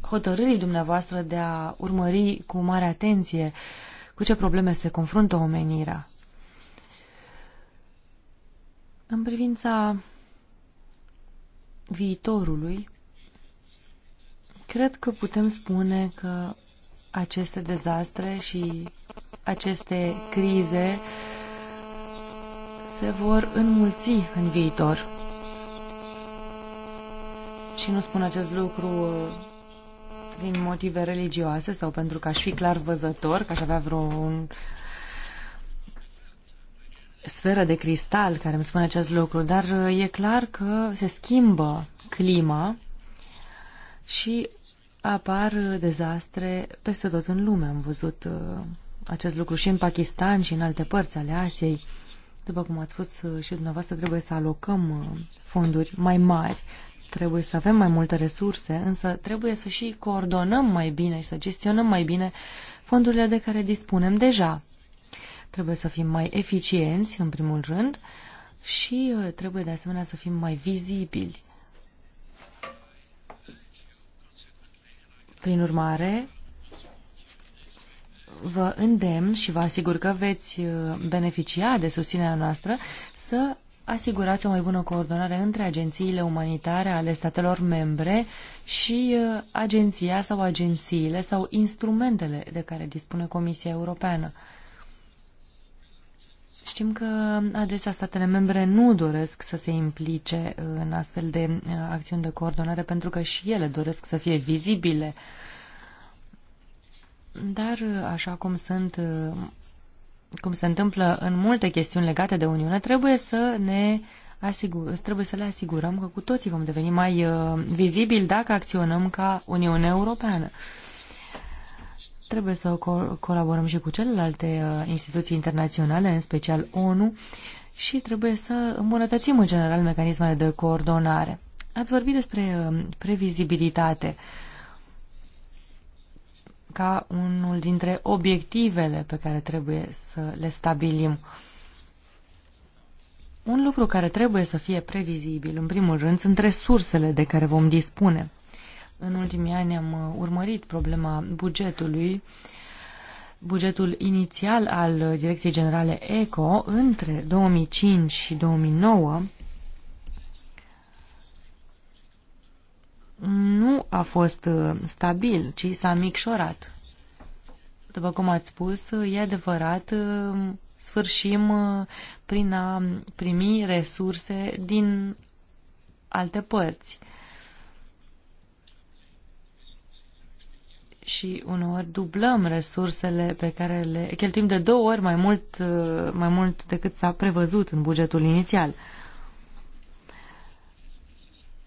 Speaker 2: hotărârii dumneavoastră de a urmări cu mare atenție cu ce probleme se confruntă omenirea. În privința viitorului, cred că putem spune că aceste dezastre și aceste crize uh, se vor înmulți în viitor. Și nu spun acest lucru uh, din motive religioase sau pentru că aș fi clar văzător, că aș avea vreo un sferă de cristal care îmi spune acest lucru, dar uh, e clar că se schimbă clima și apar uh, dezastre peste tot în lume. Am văzut acest lucru și în Pakistan și în alte părți ale Asiei. După cum ați spus uh, și dumneavoastră, trebuie să alocăm uh, fonduri mai mari, trebuie să avem mai multe resurse, însă trebuie să și coordonăm mai bine și să gestionăm mai bine fondurile de care dispunem deja. Trebuie să fim mai eficienți, în primul rând, și uh, trebuie de asemenea să fim mai vizibili. Prin urmare, vă îndemn și vă asigur că veți uh, beneficia de susținerea noastră să asigurați o mai bună coordonare între agențiile umanitare ale statelor membre și uh, agenția sau agențiile sau instrumentele de care dispune Comisia Europeană. Știm că adesea statele membre nu doresc să se implice în astfel de uh, acțiuni de coordonare pentru că și ele doresc să fie vizibile uh, dar, așa cum sunt cum se întâmplă în multe chestiuni legate de Uniune, trebuie să ne asigur, trebuie să le asigurăm că cu toții vom deveni mai uh, vizibili dacă acționăm ca Uniunea Europeană. Trebuie să co- colaborăm și cu celelalte uh, instituții internaționale, în special ONU, și trebuie să îmbunătățim în general mecanismele de coordonare. Ați vorbit despre uh, previzibilitate. Uh, ca unul dintre obiectivele pe care trebuie să le stabilim. Un lucru care trebuie să fie previzibil, în primul rând, sunt resursele de care vom dispune. În ultimii ani am uh, urmărit problema bugetului. Bugetul inițial al Direcției Generale ECO între 2005 și 2009 nu a fost uh, stabil, ci s-a micșorat. După cum ați spus, uh, e adevărat, uh, sfârșim prin a primi resurse din alte părți. și uneori dublăm resursele pe care le cheltuim de două ori mai mult, mai mult decât s-a prevăzut în bugetul inițial.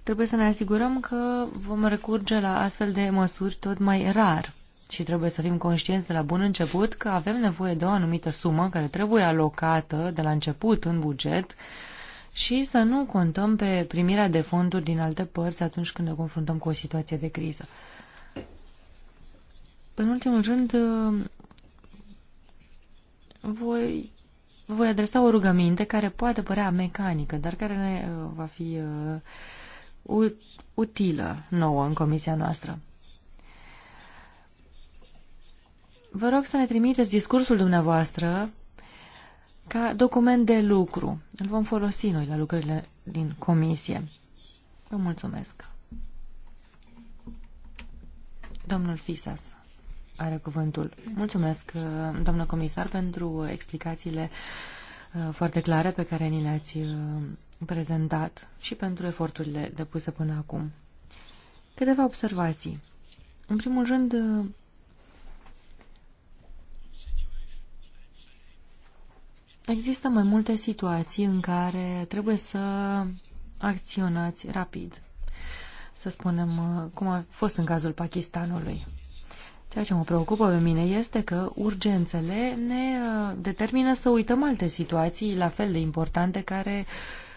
Speaker 2: Trebuie să ne asigurăm că vom recurge la astfel de măsuri tot mai rar și trebuie să fim conștienți de la bun început că avem nevoie de o anumită sumă care trebuie alocată de la început în buget și să nu contăm pe primirea de fonduri din alte părți atunci când ne confruntăm cu o situație de criză. În ultimul rând, uh, voi, voi adresa o rugăminte care poate părea mecanică, dar care ne uh, va fi uh, utilă nouă în comisia noastră. Vă rog să ne trimiteți discursul dumneavoastră ca document de lucru. Îl vom folosi noi la lucrările din comisie. Vă mulțumesc. Domnul Fisas are cuvântul. Mulțumesc, doamnă comisar, pentru explicațiile uh, foarte clare pe care ni le-ați uh, prezentat și pentru eforturile depuse până acum. Câteva observații. În primul rând, există mai multe situații în care trebuie să acționați rapid. Să spunem cum a fost în cazul Pakistanului. Ceea ce mă preocupă pe mine este că urgențele ne uh, determină să uităm alte situații la fel de importante care uh,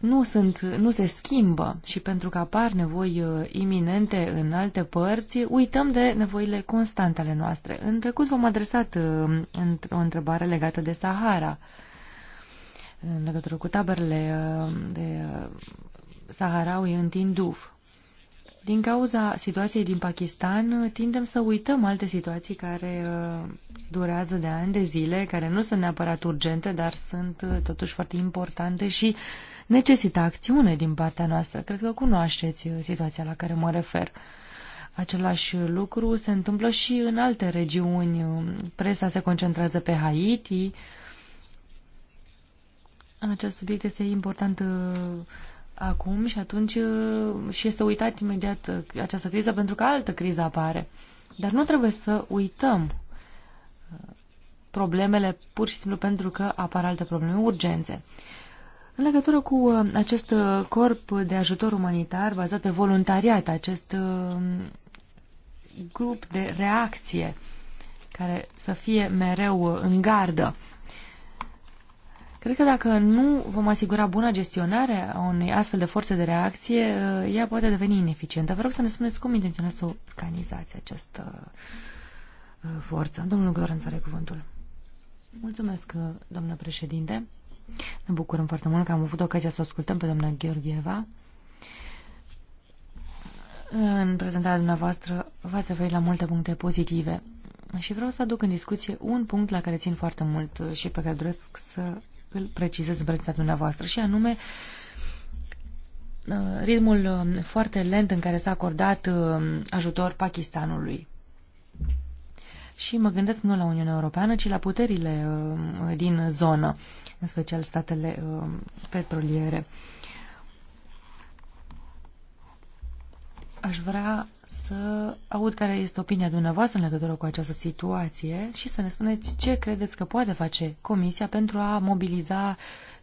Speaker 2: nu, sunt, nu se schimbă și pentru că apar nevoi uh, iminente în alte părți, uităm de nevoile constante ale noastre. În trecut v-am adresat uh, o întrebare legată de Sahara, în legătură cu taberele uh, de saharaui în Tinduf. Din cauza situației din Pakistan, tindem să uităm alte situații care durează de ani de zile, care nu sunt neapărat urgente, dar sunt totuși foarte importante și uh, necesită acțiune din partea noastră. Cred că cunoașteți uh, situația la care mă refer. Același lucru se întâmplă și în alte regiuni. Uh, Presa se concentrează pe Haiti. Acest subiect este important uh, acum și atunci și este uitat imediat această criză pentru că altă criză apare. Dar nu trebuie să uităm problemele pur și simplu pentru că apar alte probleme urgențe. În legătură cu uh, acest uh, corp de ajutor umanitar bazat pe voluntariat, acest uh, grup de reacție care să fie mereu în gardă, Cred că dacă nu vom asigura bună gestionare a unei astfel de forțe de reacție, ea poate deveni ineficientă. Vă rog să ne spuneți cum intenționați să organizați această forță. Domnul Goran are cuvântul. Mulțumesc, domnule președinte. Ne bucurăm foarte mult că am avut ocazia să ascultăm pe doamna Gheorgheva. În prezentarea dumneavoastră v-ați referit la multe puncte pozitive și vreau să aduc în discuție un punct la care țin foarte mult și pe care doresc să îl precizez în prezentarea dumneavoastră și anume uh, ritmul uh, foarte lent în care s-a acordat uh, ajutor Pakistanului și mă gândesc nu la Uniunea Europeană, ci la puterile uh, din zonă, în special statele uh, petroliere. Aș vrea să aud care este opinia dumneavoastră în legătură cu această situație și să ne spuneți ce credeți că poate face Comisia pentru a mobiliza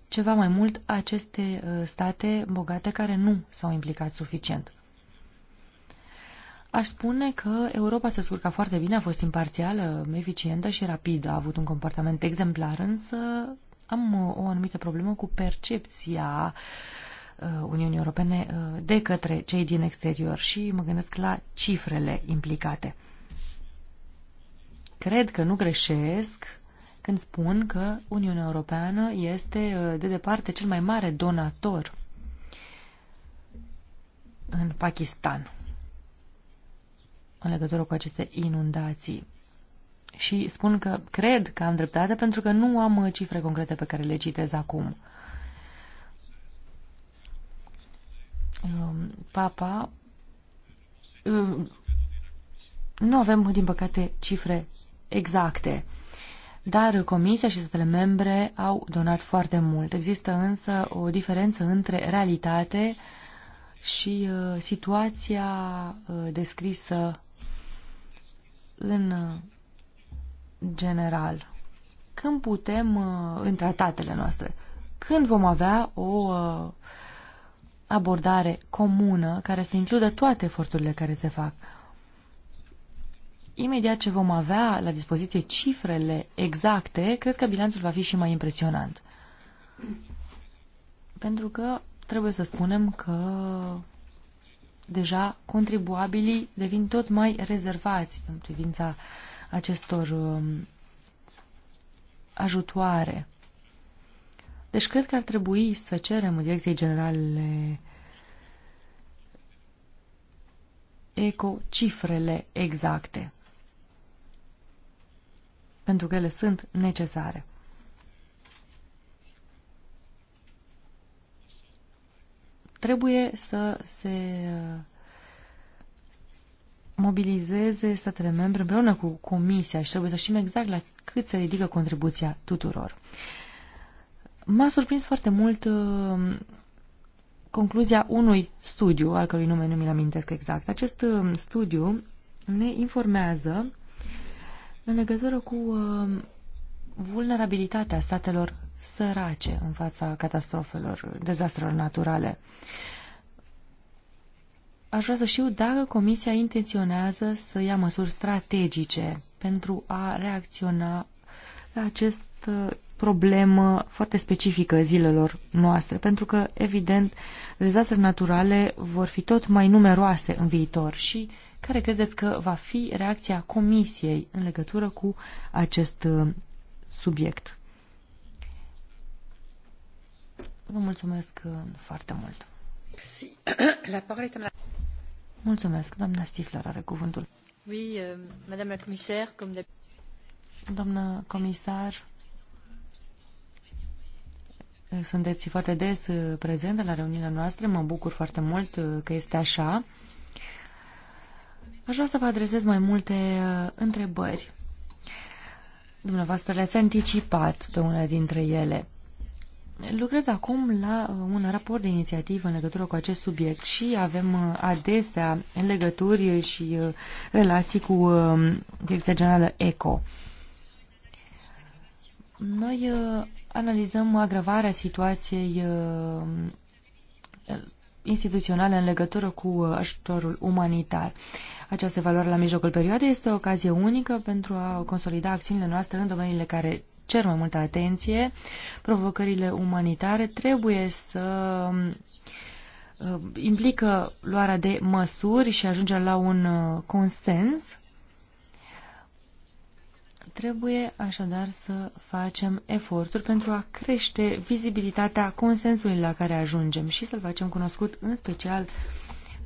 Speaker 2: ceva mai mult aceste uh, state bogate care nu s-au implicat suficient. Aș spune că Europa se surca foarte bine, a fost imparțială, eficientă și rapidă, a avut un comportament exemplar, însă am uh, o anumită problemă cu percepția uh, Uniunii Europene uh, de către cei din exterior și mă gândesc la cifrele implicate. Cred că nu greșesc când spun că Uniunea Europeană este de departe cel mai mare donator în Pakistan în legătură cu aceste inundații. Și spun că cred că am dreptate pentru că nu am uh, cifre concrete pe care le citez acum. Um, Papa, uh, nu avem, din păcate, cifre exacte, dar Comisia și statele membre au donat foarte mult. Există însă o diferență între realitate și uh, situația descrisă în uh, general, când putem, uh, în tratatele noastre, când vom avea o uh, abordare comună care să includă toate eforturile care se fac. Imediat ce vom avea la dispoziție cifrele exacte, cred că bilanțul va fi și mai impresionant. Pentru că trebuie să spunem că deja contribuabilii devin tot mai rezervați în privința acestor um, ajutoare. Deci cred că ar trebui să cerem Direcției Generale ECO cifrele exacte, pentru că ele sunt necesare. Trebuie să se uh, mobilizeze statele membre împreună cu Comisia și trebuie să știm exact la cât se ridică contribuția tuturor. M-a surprins foarte mult uh, concluzia unui studiu, al cărui nume nu mi-l amintesc exact. Acest uh, studiu ne informează în legătură cu vulnerabilitatea statelor sărace în fața catastrofelor, dezastrelor naturale. Aș vrea să știu dacă Comisia intenționează să ia măsuri strategice pentru a reacționa la acest problemă foarte specifică zilelor noastre, pentru că, evident, dezastrele naturale vor fi tot mai numeroase în viitor și care credeți că va fi reacția Comisiei în legătură cu acest uh, subiect? Vă mulțumesc uh, foarte mult. (coughs) Mulțumesc. Doamna Stifler are cuvântul.
Speaker 1: Oui, euh, madame la commissaire, comme de...
Speaker 2: Doamna comisar, sunteți foarte des uh, prezentă la reuniunea noastră. Mă bucur foarte mult uh, că este așa. Aș vrea să vă adresez mai multe întrebări. Dumneavoastră le-ați anticipat pe una dintre ele. Lucrez acum la uh, un raport de inițiativă în legătură cu acest subiect și avem uh, adesea legături și uh, relații cu Direcția Generală ECO. Noi analizăm agravarea situației instituționale în legătură cu ajutorul umanitar. Această valoare la mijlocul perioadei este o ocazie unică pentru a consolida acțiunile noastre în domeniile care cer mai multă atenție. Provocările umanitare trebuie să um, uh, implică luarea de măsuri și ajungerea la un uh, consens. Trebuie așadar să facem eforturi pentru a crește vizibilitatea consensului la care ajungem și să-l facem cunoscut în special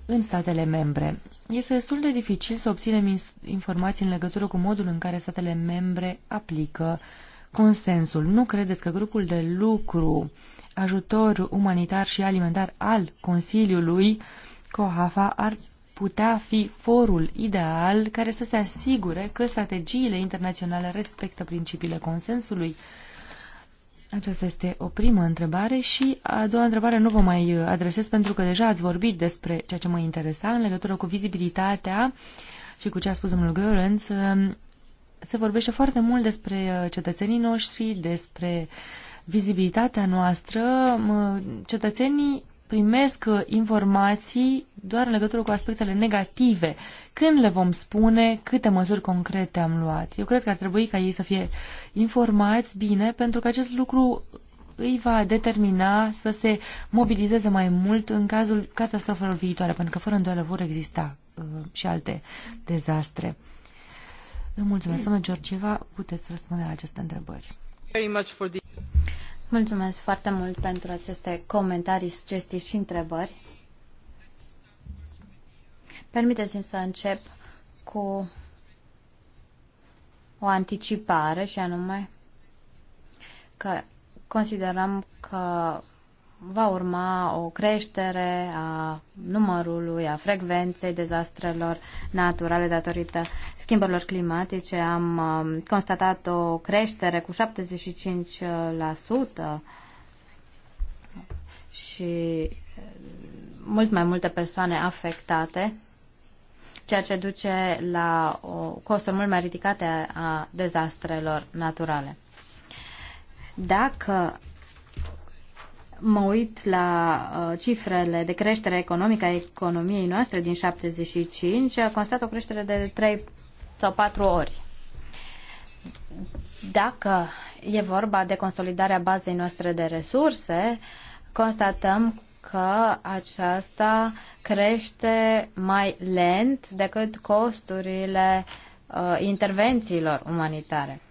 Speaker 2: în statele membre. Este destul de dificil să obținem informații în legătură cu modul în care statele membre aplică uh, consensul. Nu credeți că grupul de lucru ajutor umanitar și alimentar al Consiliului COHAFA ar putea fi forul ideal care să se asigure că strategiile internaționale respectă principiile consensului? Aceasta este o primă întrebare și a doua întrebare nu vă mai adresez pentru că deja ați vorbit despre ceea ce mă interesa în legătură cu vizibilitatea și cu ce a spus domnul Görens se vorbește foarte mult despre uh, cetățenii noștri, despre vizibilitatea noastră. Cetățenii primesc uh, informații doar în legătură cu aspectele negative. Când le vom spune câte măsuri concrete am luat? Eu cred că ar trebui ca ei să fie informați bine, pentru că acest lucru îi va determina să se mobilizeze mai mult în cazul catastrofelor viitoare, pentru că fără îndoială vor exista uh, și alte dezastre. Îi mulțumesc, doamna Georgieva, puteți răspunde la aceste întrebări.
Speaker 4: Mulțumesc foarte mult pentru aceste comentarii, sugestii și întrebări. Permiteți-mi să încep cu o anticipare și anume că considerăm că va urma o creștere a numărului, a frecvenței dezastrelor naturale datorită schimbărilor climatice. Am um, constatat o creștere cu 75% și uh, mult mai multe persoane afectate, ceea ce duce la o costuri mult mai ridicate a dezastrelor naturale. Dacă mă uit la uh, cifrele de creștere economică a economiei noastre din 75, constat o creștere de 3 sau 4 ori. Dacă e vorba de consolidarea bazei noastre de resurse, constatăm că aceasta crește mai lent decât costurile uh, intervențiilor umanitare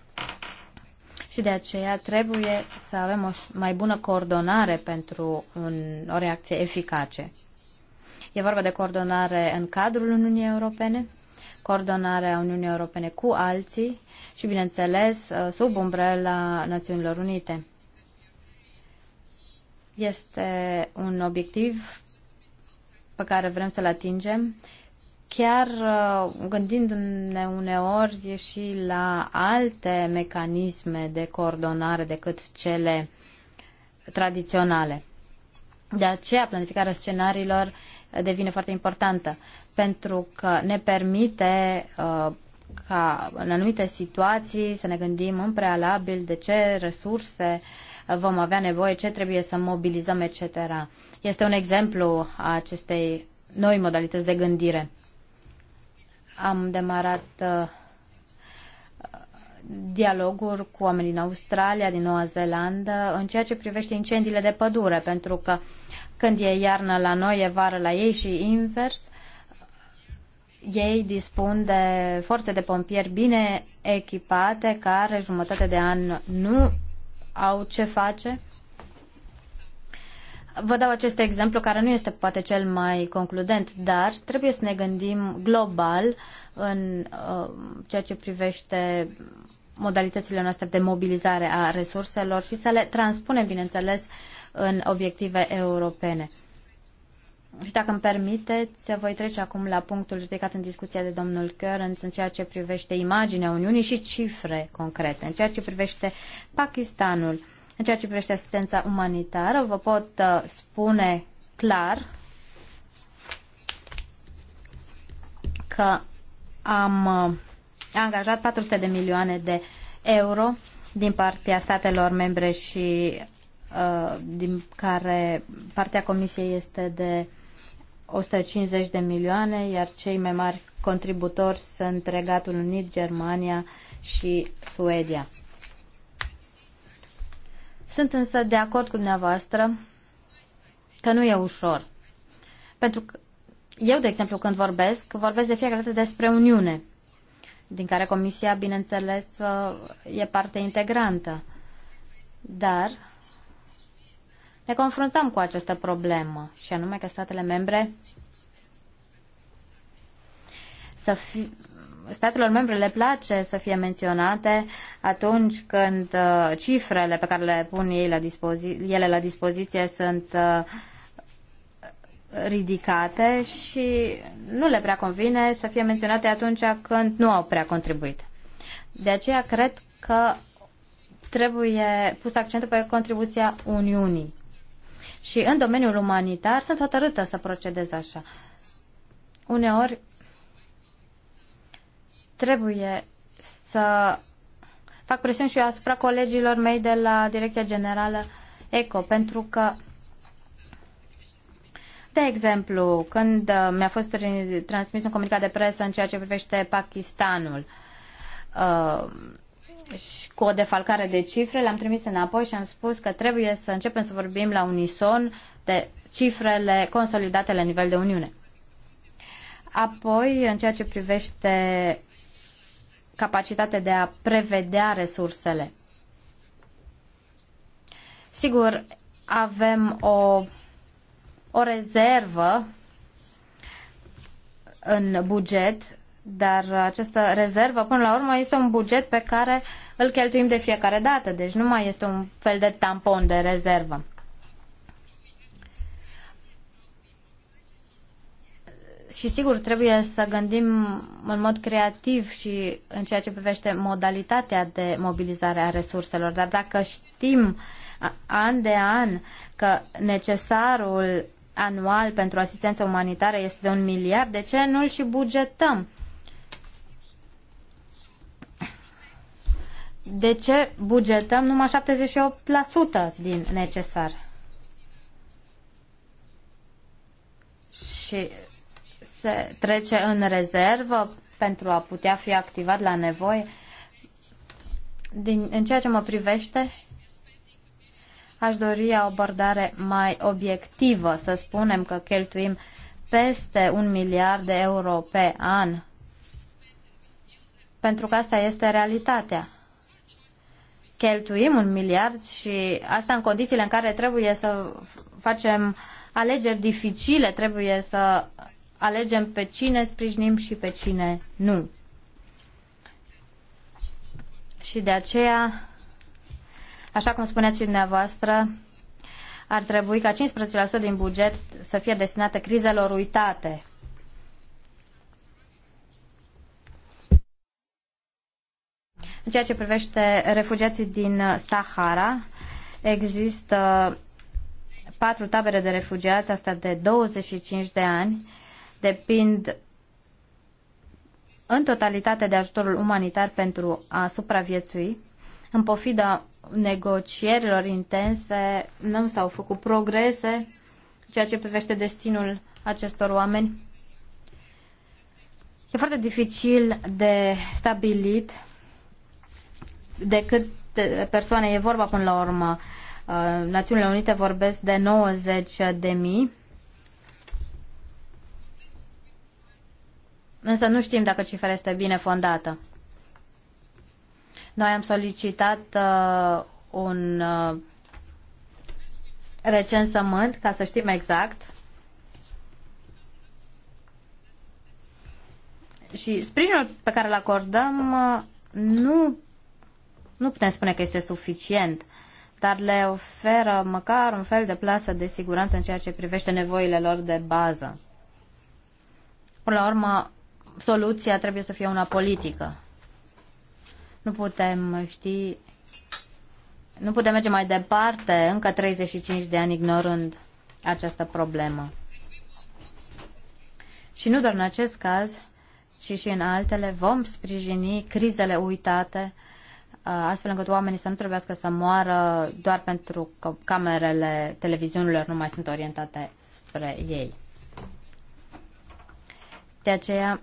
Speaker 4: și de aceea trebuie să avem o mai bună coordonare pentru un, o reacție eficace. E vorba de coordonare în cadrul Uniunii Europene, coordonarea Uniunii Europene cu alții și, bineînțeles, uh, sub umbrela Națiunilor Unite. Este un obiectiv pe care vrem să-l atingem chiar uh, gândindu-ne uneori și la alte mecanisme de coordonare decât cele tradiționale. De aceea, planificarea scenariilor devine foarte importantă, pentru că ne permite uh, ca în anumite situații să ne gândim în prealabil de ce resurse vom avea nevoie, ce trebuie să mobilizăm, etc. Este un exemplu a acestei noi modalități de gândire. Am demarat uh, dialoguri cu oamenii din Australia, din Noua Zeelandă, în ceea ce privește incendiile de pădure, pentru că când e iarnă la noi, e vară la ei și invers, ei dispun de forțe de pompieri bine echipate, care jumătate de an nu au ce face Vă dau acest exemplu care nu este poate cel mai concludent, dar trebuie să ne gândim global în uh, ceea ce privește modalitățile noastre de mobilizare a resurselor și să le transpunem, bineînțeles, în obiective europene. Și dacă îmi permiteți, voi trece acum la punctul ridicat în discuția de domnul Currens în ceea ce privește imaginea Uniunii și cifre concrete. În ceea ce privește Pakistanul, în ceea ce privește asistența umanitară, vă pot uh, spune clar că am uh, angajat 400 de milioane de euro din partea statelor membre și uh, din care partea Comisiei este de 150 de milioane, iar cei mai mari contributori sunt Regatul Unit, Germania și Suedia. Sunt însă de acord cu dumneavoastră că nu e ușor. Pentru că eu, de exemplu, când vorbesc, vorbesc de fiecare dată despre Uniune, din care Comisia, bineînțeles, uh, e parte integrantă. Dar ne confruntăm cu această problemă, și anume că statele membre să fi, statelor membre le place să fie menționate atunci când uh, cifrele pe care le pun ei la dispozi- ele la dispoziție sunt uh, ridicate și nu le prea convine să fie menționate atunci când nu au prea contribuit. De aceea cred că trebuie pus accentul pe contribuția Uniunii. Și în domeniul umanitar sunt hotărâtă să procedez așa. Uneori Trebuie să fac presiuni și eu asupra colegilor mei de la Direcția Generală ECO, pentru că de exemplu, când mi-a fost transmis un comunicat de presă în ceea ce privește Pakistanul uh, și cu o defalcare de cifre, le-am trimis înapoi și am spus că trebuie să începem să vorbim la unison de cifrele consolidate la nivel de Uniune. Apoi, în ceea ce privește capacitate de a prevedea resursele. Sigur, avem o, o rezervă în buget, dar această rezervă, până la urmă, este un buget pe care îl cheltuim de fiecare dată, deci nu mai este un fel de tampon de rezervă. și sigur trebuie să gândim în mod creativ și în ceea ce privește modalitatea de mobilizare a resurselor, dar dacă știm an de an că necesarul anual pentru asistență umanitară este de un miliard, de ce nu-l și bugetăm? De ce bugetăm numai 78% din necesar? Și se trece în rezervă pentru a putea fi activat la nevoie. Din, în ceea ce mă privește, aș dori o abordare mai obiectivă, să spunem că cheltuim peste un miliard de euro pe an, pentru că asta este realitatea. Cheltuim un miliard și asta în condițiile în care trebuie să facem alegeri dificile, trebuie să alegem pe cine sprijinim și pe cine nu. Și de aceea, așa cum spuneați și dumneavoastră, ar trebui ca 15% din buget să fie destinate crizelor uitate. În ceea ce privește refugiații din Sahara, există patru tabere de refugiați, astea de 25 de ani, depind în totalitate de ajutorul umanitar pentru a supraviețui. În pofida negocierilor intense, nu s-au făcut progrese ceea ce privește destinul acestor oameni. E foarte dificil de stabilit de câte persoane e vorba până la urmă. Uh, Națiunile Unite vorbesc de 90 de mii Însă nu știm dacă cifra este bine fondată. Noi am solicitat uh, un uh, recensământ ca să știm exact. Și sprijinul pe care îl acordăm uh, nu, nu putem spune că este suficient, dar le oferă măcar un fel de plasă de siguranță în ceea ce privește nevoile lor de bază. Până la urmă, soluția trebuie să fie una politică. Nu putem ști, nu putem merge mai departe încă 35 de ani ignorând această problemă. Și nu doar în acest caz, ci și în altele vom sprijini crizele uitate, uh, astfel încât oamenii să nu trebuiască să moară doar pentru că camerele televiziunilor nu mai sunt orientate spre ei. De aceea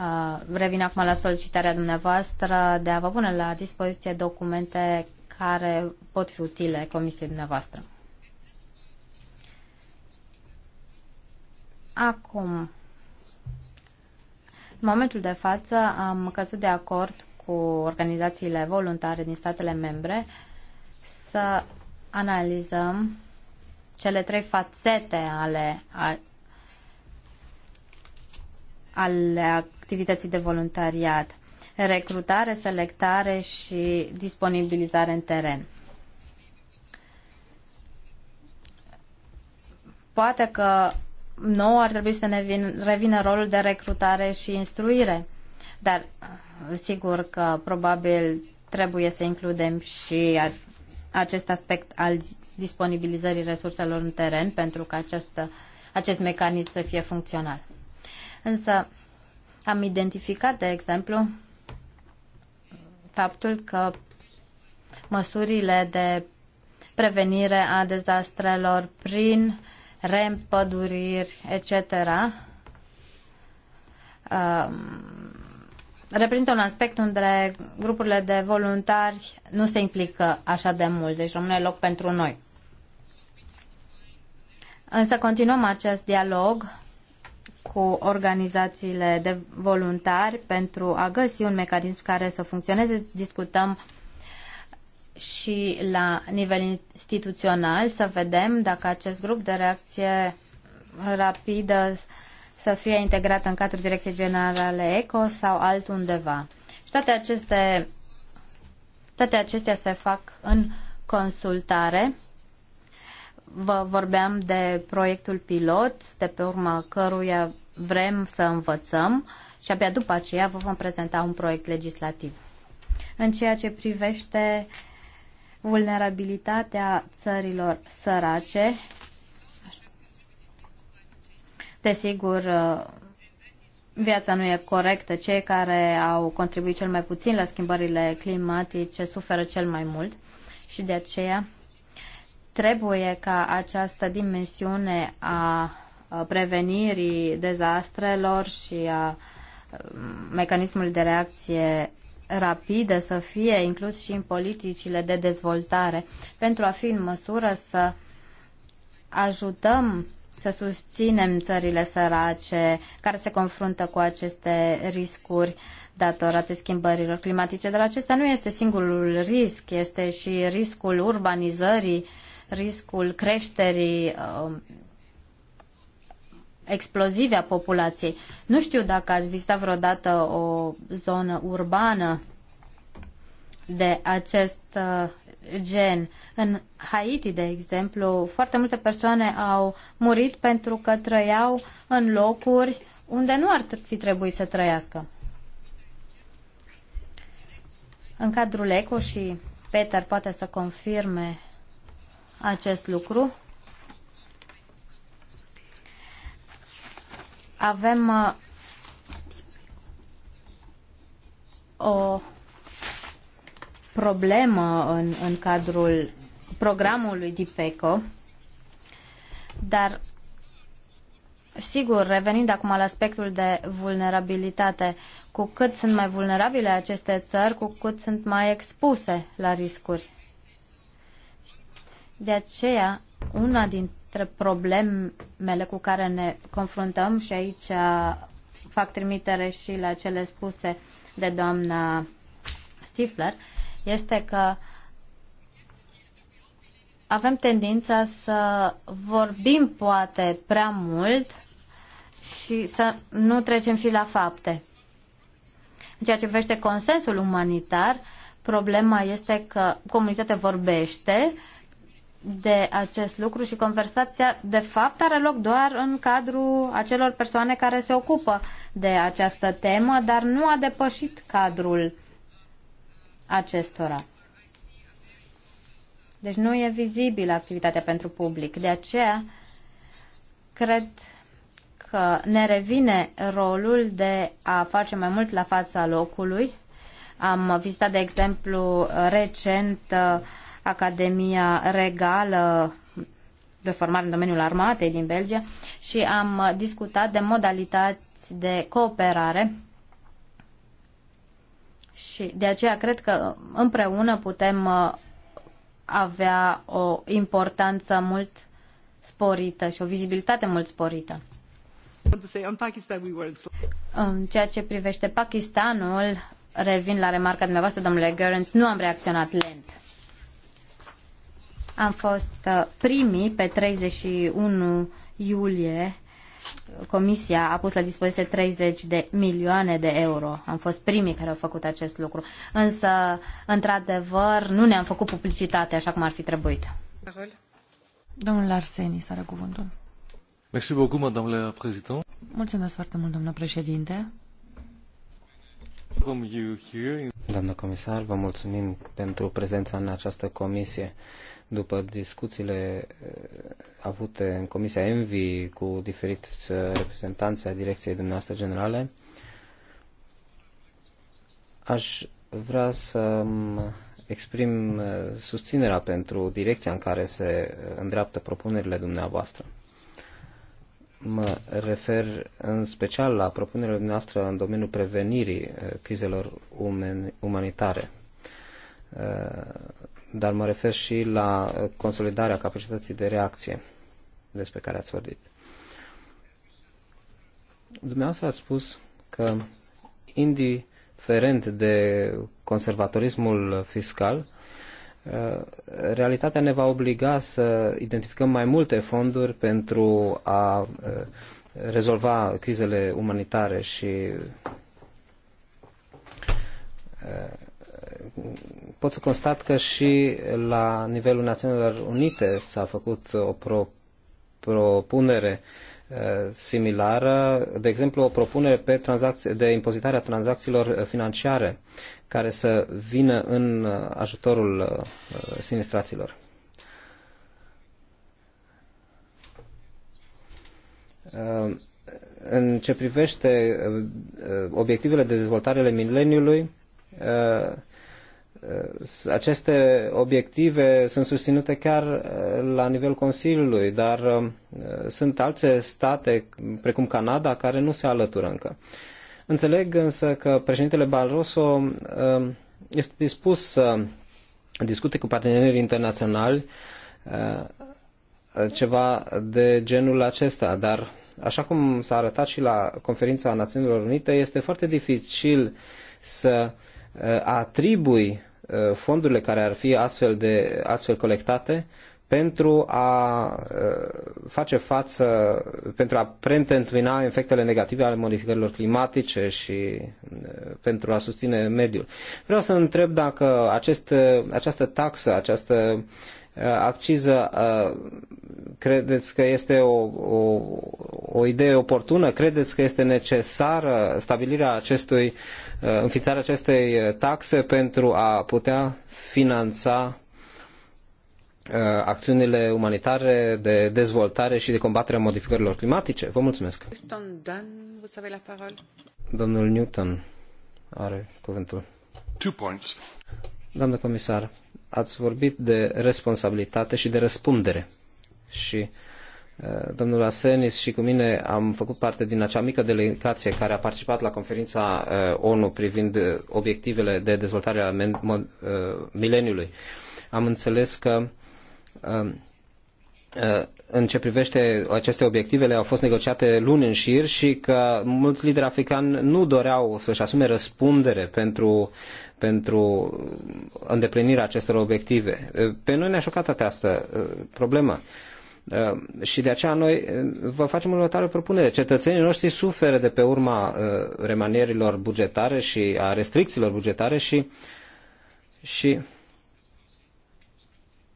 Speaker 4: Uh, revin acum la solicitarea dumneavoastră de a vă pune la dispoziție documente care pot fi utile comisiei dumneavoastră. Acum, în momentul de față am căzut de acord cu organizațiile voluntare din statele membre să analizăm cele trei fațete ale al activității de voluntariat, recrutare, selectare și disponibilizare în teren. Poate că nou ar trebui să ne vin, revină rolul de recrutare și instruire, dar sigur că probabil trebuie să includem și acest aspect al disponibilizării resurselor în teren pentru că această, acest mecanism să fie funcțional. Însă am identificat, de exemplu, faptul că măsurile de prevenire a dezastrelor prin reîmpăduriri, etc., um, reprezintă un aspect unde grupurile de voluntari nu se implică așa de mult, deci rămâne loc pentru noi. Însă continuăm acest dialog cu organizațiile de voluntari pentru a găsi un mecanism care să funcționeze. Discutăm și la nivel instituțional să vedem dacă acest grup de reacție rapidă să fie integrat în cadrul Direcției Generale ECO sau altundeva. Și toate, aceste, toate acestea se fac în consultare vă vorbeam de proiectul pilot, de pe urma căruia vrem să învățăm și abia după aceea vă vom prezenta un proiect legislativ. În ceea ce privește vulnerabilitatea țărilor sărace, desigur, viața nu e corectă. Cei care au contribuit cel mai puțin la schimbările climatice suferă cel mai mult și de aceea Trebuie ca această dimensiune a prevenirii dezastrelor și a mecanismului de reacție rapidă să fie inclus și în politicile de dezvoltare pentru a fi în măsură să ajutăm să susținem țările sărace care se confruntă cu aceste riscuri datorate schimbărilor climatice. Dar acesta nu este singurul risc, este și riscul urbanizării uh, riscul creșterii um, explozive a populației. Nu știu dacă ați vizitat vreodată o zonă urbană de acest uh, gen. În Haiti, de exemplu, foarte multe persoane au murit pentru că trăiau în locuri unde nu ar fi trebuit să trăiască. În cadrul ECO și Peter poate să confirme acest lucru. Avem uh, o problemă în, în cadrul programului DIPECO, dar Sigur, revenind acum la aspectul de vulnerabilitate, cu cât sunt mai vulnerabile aceste țări, cu cât sunt mai expuse la riscuri. De aceea, una dintre problemele cu care ne confruntăm și aici fac trimitere și la cele spuse de doamna Stifler, este că avem tendința să vorbim poate prea mult și să nu trecem și la fapte. În ceea ce privește consensul umanitar, problema este că comunitatea vorbește de acest lucru și conversația de fapt are loc doar în cadrul acelor persoane care se ocupă de această temă, dar nu a depășit cadrul acestora. Deci nu e vizibilă activitatea pentru public. De aceea cred că ne revine rolul de a face mai mult la fața locului. Am vizitat, de exemplu, recent uh, Academia Regală de formare în domeniul armatei din Belgia și am discutat de modalități de cooperare și de aceea cred că împreună putem uh, avea o importanță mult sporită și o vizibilitate mult sporită. În ceea ce privește Pakistanul, revin la remarca dumneavoastră, domnule Gerens, nu am reacționat lent. Am fost uh, primii pe 31 iulie. Comisia a pus la dispoziție 30 de milioane de euro. Am fost primii care au făcut acest lucru. Însă, într-adevăr, nu ne-am făcut publicitate așa cum ar fi trebuit. Domnul Arseni, să are cuvântul.
Speaker 3: Merci beaucoup, madame la président.
Speaker 2: Mulțumesc foarte mult, domnule președinte.
Speaker 3: Doamna comisar, vă mulțumim pentru prezența în această comisie după discuțiile eh, avute în Comisia Envi cu diferiți eh, reprezentanți ai direcției dumneavoastră generale, aș vrea să exprim eh, susținerea pentru direcția în care se îndreaptă propunerile dumneavoastră. Mă refer în special la propunerile dumneavoastră în domeniul prevenirii crizelor umanitare dar mă refer și la uh, consolidarea capacității de reacție despre care ați vorbit. Dumneavoastră ați spus că indiferent de conservatorismul fiscal, uh, realitatea ne va obliga să identificăm mai multe fonduri pentru a uh, rezolva crizele umanitare și pot să constat că și la nivelul Națiunilor Unite s-a făcut o pro, propunere uh, similară, de exemplu o propunere pe de impozitare a tranzacțiilor financiare care să vină în uh, ajutorul uh, sinistraților. În ce privește obiectivele de dezvoltare ale mileniului, Uh, aceste obiective sunt susținute chiar uh, la nivel Consiliului, dar um, uh, sunt alte state, precum Canada, care nu se alătură încă. Înțeleg însă că președintele Barroso um, este dispus să discute cu partenerii internaționali ceva de genul acesta, dar așa cum s-a arătat și la conferința Națiunilor Unite, este foarte dificil să atribui Uh, fondurile care ar fi astfel, de, astfel colectate pentru a uh, face față, pentru a preîntâmpina efectele negative ale modificărilor climatice și uh, pentru a susține mediul. Vreau să întreb dacă aceste această taxă, această uh, Uh, acciză uh, credeți că este o, o, o idee oportună? Credeți că este necesară stabilirea acestui, uh, înființarea acestei taxe pentru a putea finanța acțiunile umanitare de dezvoltare și de combatere a modificărilor climatice? Vă mulțumesc! Domnul Newton are cuvântul. Two points. Doamnă comisar, ați vorbit de responsabilitate și de răspundere. Și uh, domnul Asenis și cu mine am făcut parte din acea mică delegație care a participat la conferința uh, ONU privind uh, obiectivele de dezvoltare a mileniului. Am înțeles că Uh, în ce privește aceste obiective le au fost negociate luni în șir și că mulți lideri africani nu doreau să-și asume răspundere pentru, pentru îndeplinirea acestor obiective. Uh, pe noi ne-a șocat această uh, problemă. Și de aceea noi vă facem următoarea propunere. Cetățenii noștri suferă de pe urma remanierilor bugetare și a restricțiilor bugetare și, și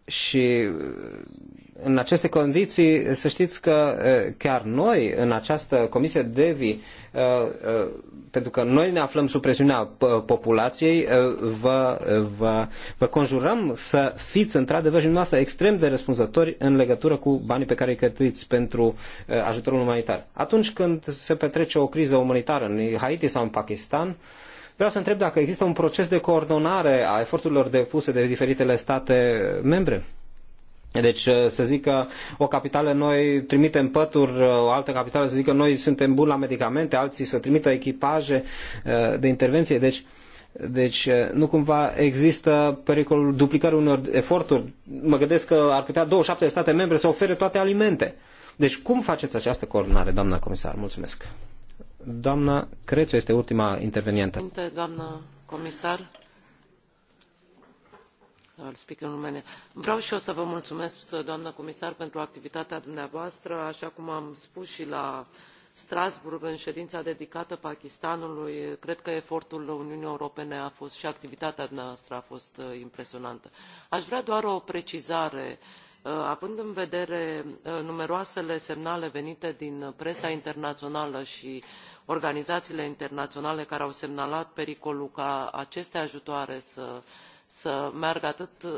Speaker 3: și în aceste condiții, să știți că chiar noi, în această comisie DEVI, pentru că noi ne aflăm sub presiunea populației, vă, vă, vă conjurăm să fiți într-adevăr și dumneavoastră extrem de răspunzători în legătură cu banii pe care îi cheltuiți pentru ajutorul umanitar. Atunci când se petrece o criză umanitară în Haiti sau în Pakistan, Vreau să întreb dacă există un proces de coordonare a eforturilor depuse de diferitele state membre deci uh, să zic că o capitală noi trimitem pături, uh, o altă capitală să zică noi suntem buni la medicamente, alții să trimită echipaje uh, de intervenție. Deci, deci nu cumva există pericolul duplicării unor eforturi. Mă gândesc că ar putea 27 de state membre să ofere toate alimente. Deci cum faceți această coordonare, doamna comisar? Mulțumesc. Doamna Crețu este ultima intervenientă.
Speaker 5: Doamna comisar, vreau și eu să vă mulțumesc doamnă comisar pentru activitatea dumneavoastră așa cum am spus și la strasbourg în ședința dedicată pakistanului cred că efortul uniunii europene a fost și activitatea dumneavoastră a fost uh, impresionantă. aș vrea doar o precizare uh, având în vedere uh, numeroasele semnale venite din presa internațională și organizațiile internaționale care au semnalat pericolul ca aceste ajutoare să să meargă atât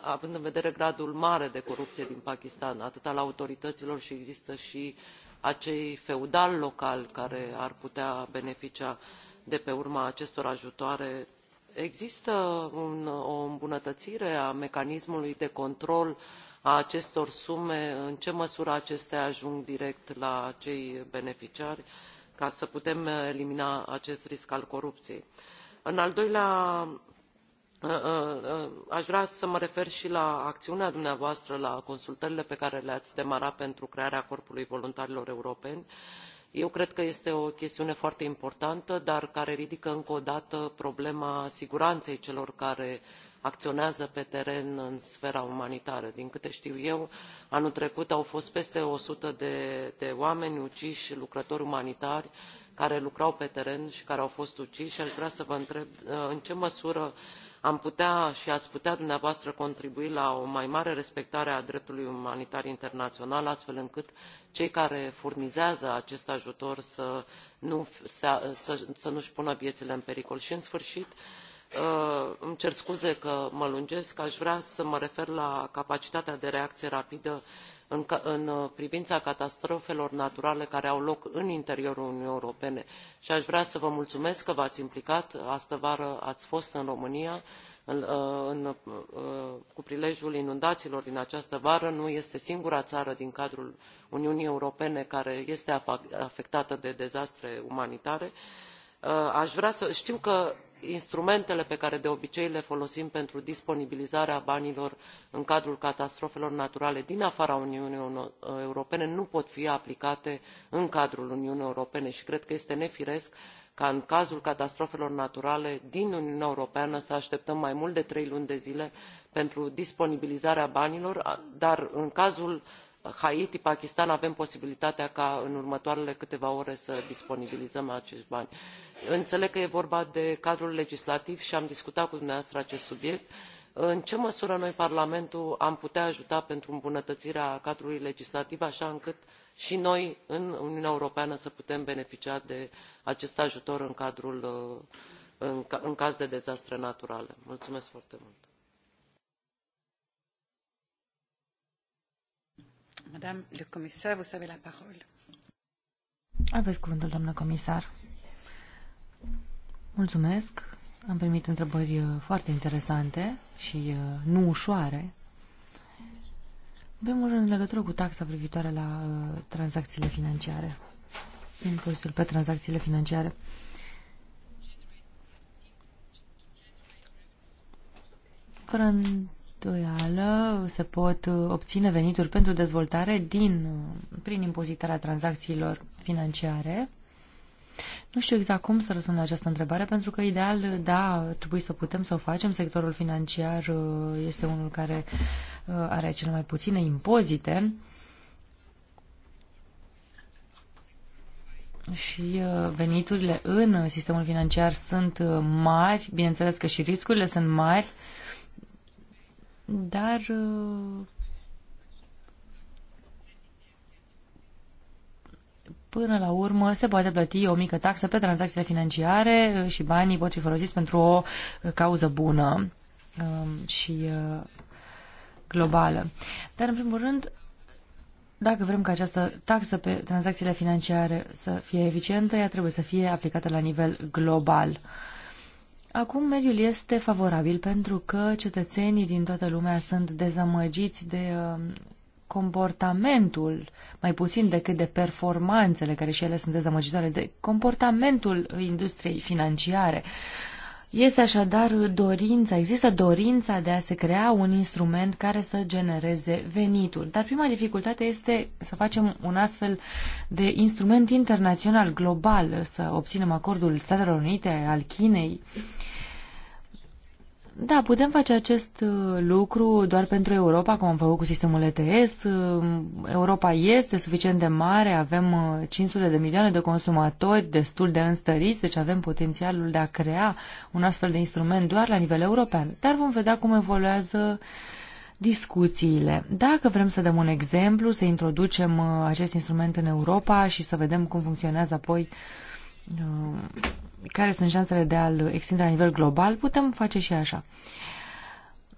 Speaker 5: având în vedere gradul mare de corupție din pakistan atât al autorităților și există și acei feudali locali care ar putea beneficia de pe urma acestor ajutoare există un, o îmbunătățire a mecanismului de control a acestor sume în ce măsură acestea ajung direct la cei beneficiari ca să putem elimina acest risc al corupției? în al doilea Ă, ă, ă, aș vrea să mă refer și la acțiunea dumneavoastră la consultările pe care le ați demarat pentru crearea corpului voluntarilor europeni. eu cred că este o chestiune foarte importantă dar care ridică încă o dată problema siguranței celor care acționează pe teren în sfera umanitară. din câte știu eu anul trecut au fost peste o sută de, de oameni ucii lucrători umanitari care lucrau pe teren și care au fost ucii i aș vrea să vă întreb în ce măsură am putea și ați putea dumneavoastră contribui la o mai mare respectare a dreptului umanitar internațional astfel încât cei care furnizează acest ajutor să nu să, pună vieile în pericol. și în sfârșit uh, îmi cer scuze că mă lungesc a vrea să mă refer la capacitatea de reacție rapidă în, uh, privința catastrofelor naturale care au loc în interiorul uniunii europene și aș vrea să vă mulțumesc că v ați implicat astă vară ați fost în românia uh, uh, cu prilejul inundațiilor din această vară nu este singura țară din cadrul uniunii europene care este afectată de dezastre umanitare. aș vrea să știu că instrumentele pe care de obicei le folosim pentru disponibilizarea banilor în cadrul catastrofelor naturale din afara uniunii europene nu pot fi aplicate în cadrul uniunii europene și cred că este nefiresc ca în cazul catastrofelor naturale din uniunea europeană să așteptăm mai mult de trei luni de zile pentru disponibilizarea banilor dar în cazul haiti pakistan avem posibilitatea ca în următoarele câteva ore să disponibilizăm acești bani. înțeleg că e vorba de cadrul legislativ și am discutat cu dumneavoastră acest subiect în ce măsură noi parlamentul am putea ajuta pentru îmbunătățirea cadrului legislativ așa încât și noi în uniunea europeană să putem beneficia de acest ajutor în, cadrul, uh, în caz de dezastre naturale? mulțumesc foarte mult!
Speaker 1: comisar,
Speaker 2: Aveți cuvântul, doamnă comisar. Mulțumesc. Am primit întrebări uh, foarte interesante și uh, nu ușoare. În primul rând, în legătură cu taxa privitoare la uh, tranzacțiile financiare, impozitul pe tranzacțiile financiare. Fără îndoială se pot uh, obține venituri pentru dezvoltare din, uh, prin impozitarea tranzacțiilor financiare. Nu știu exact cum să răspund la această întrebare, pentru că ideal, da, trebuie să putem să o facem. Sectorul financiar uh, este unul care are cele mai puține impozite. și veniturile în sistemul financiar sunt mari, bineînțeles că și riscurile sunt mari, dar uh, până la urmă se poate plăti o mică taxă pe tranzacțiile financiare uh, și banii pot fi folosiți pentru o cauză bună um, și uh, globală. Dar, în primul rând, dacă vrem ca această taxă pe tranzacțiile financiare să fie eficientă, ea trebuie să fie aplicată la nivel global. Uh, Acum mediul este favorabil pentru că cetățenii din toată lumea sunt dezamăgiți de um, comportamentul, mai puțin decât de performanțele, care și ele sunt dezamăgitoare, de comportamentul industriei financiare. Este așadar dorința, există dorința de a se crea un instrument care să genereze venituri. Dar prima dificultate este să facem un astfel de instrument internațional, global, să obținem acordul Statelor Unite, al Chinei. Uh, da, putem face acest uh, lucru doar pentru Europa, cum am făcut cu sistemul ETS. Uh, Europa este suficient de mare, avem 500 uh, de milioane de consumatori destul de înstăriți, deci avem potențialul de a crea un astfel de instrument doar la nivel european. Dar vom vedea cum evoluează discuțiile. Dacă vrem să dăm un exemplu, să introducem acest instrument în Europa și să vedem cum funcționează apoi care sunt șansele de a-l extinde la nivel global, putem face și așa.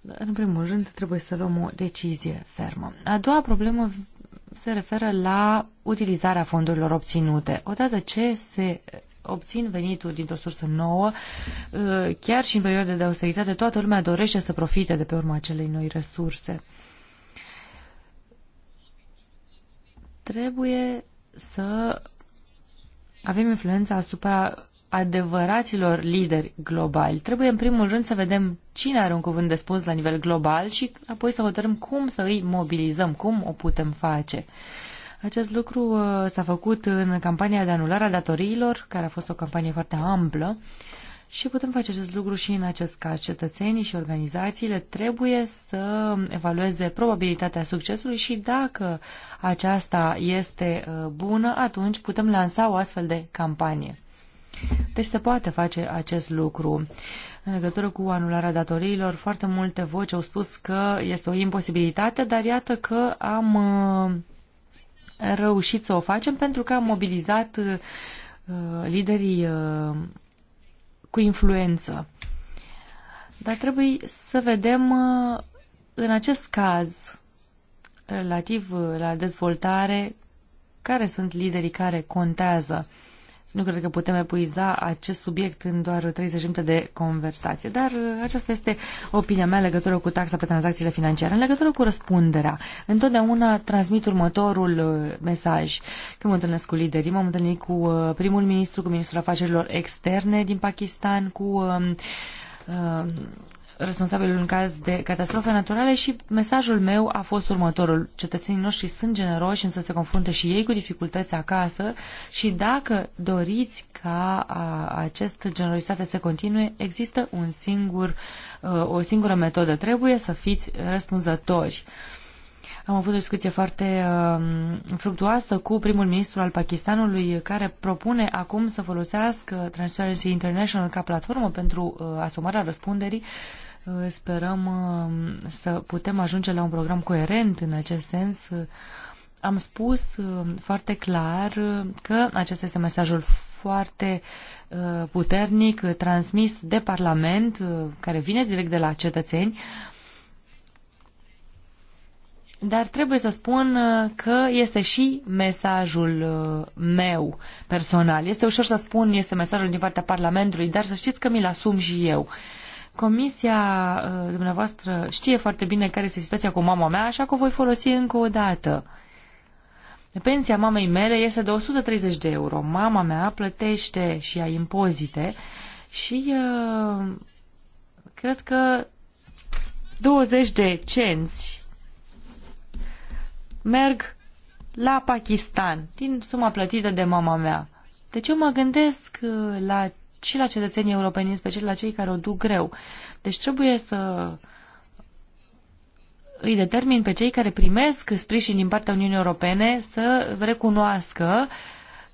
Speaker 2: În primul rând, trebuie să luăm o decizie fermă. A doua problemă se referă la utilizarea fondurilor obținute. Odată ce se obțin venituri dintr-o sursă nouă, ă, chiar și în perioade de austeritate, toată lumea dorește să profite de pe urma acelei noi resurse. Trebuie să avem influența asupra adevăraților lideri globali. Trebuie în primul rând să vedem cine are un cuvânt de spus la nivel global și apoi să hotărâm cum să îi mobilizăm, cum o putem face. Acest lucru uh, s-a făcut în campania de anulare a datoriilor, care a fost o campanie foarte amplă, și putem face acest lucru și în acest caz. Cetățenii și organizațiile trebuie să evalueze probabilitatea succesului și dacă aceasta este uh, bună, atunci putem lansa o astfel de campanie. Deci se poate face acest lucru. În legătură cu anularea datoriilor, foarte multe voci au spus că este o imposibilitate, dar iată că am uh, reușit să o facem pentru că am mobilizat uh, liderii uh, cu influență. Dar trebuie să vedem în acest caz relativ la dezvoltare care sunt liderii care contează nu cred că putem epuiza acest subiect în doar 30 minute de conversație, dar aceasta este opinia mea legătură cu taxa pe tranzacțiile financiare. În legătură cu răspunderea, întotdeauna transmit următorul uh, mesaj. Când mă întâlnesc cu liderii, m-am întâlnit cu uh, primul ministru, cu ministrul afacerilor externe din Pakistan, cu um, uh, responsabilul în caz de catastrofe naturale și mesajul meu a fost următorul. Cetățenii noștri sunt generoși, însă se confruntă și ei cu dificultăți acasă și dacă doriți ca a, generozitate generositate să continue, există un singur, uh, o singură metodă. Trebuie să fiți răspunzători. Am avut o discuție foarte uh, fructuoasă cu primul ministru al Pakistanului, care propune acum să folosească Transparency International ca platformă pentru uh, asumarea răspunderii Sperăm uh, să putem ajunge la un program coerent în acest sens. Am spus uh, foarte clar uh, că acesta este mesajul foarte puternic transmis de Parlament, care vine direct de la cetățeni, dar trebuie să spun că este și mesajul meu personal. Este ușor să spun, este mesajul din partea Parlamentului, dar să știți că mi-l asum și eu. Comisia uh, dumneavoastră știe foarte bine care este situația cu mama mea, așa că o voi folosi încă o dată. Pensia mamei mele este de 130 de euro. Mama mea plătește și ea impozite și uh, cred că 20 de cenți merg la Pakistan din suma plătită de mama mea. Deci eu mă gândesc uh, la și la cetățenii europeni, în special la cei care o duc greu. Deci trebuie să îi determin pe cei care primesc sprijin din partea Uniunii Europene să recunoască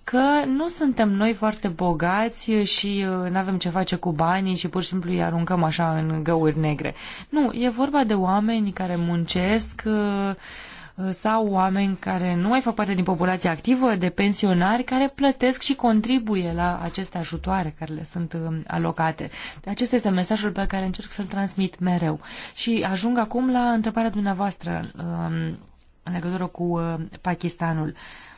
Speaker 2: că nu suntem noi foarte bogați și uh, nu avem ce face cu banii și pur și simplu îi aruncăm așa în găuri negre. Nu, e vorba de oameni care muncesc uh, Uh, sau oameni care nu mai fac parte din populația activă, de pensionari care plătesc și contribuie la aceste ajutoare care le sunt uh, alocate. Acesta este mesajul pe care încerc să-l transmit mereu. Și ajung acum la întrebarea dumneavoastră um, în legătură cu uh, Pakistanul. Uh,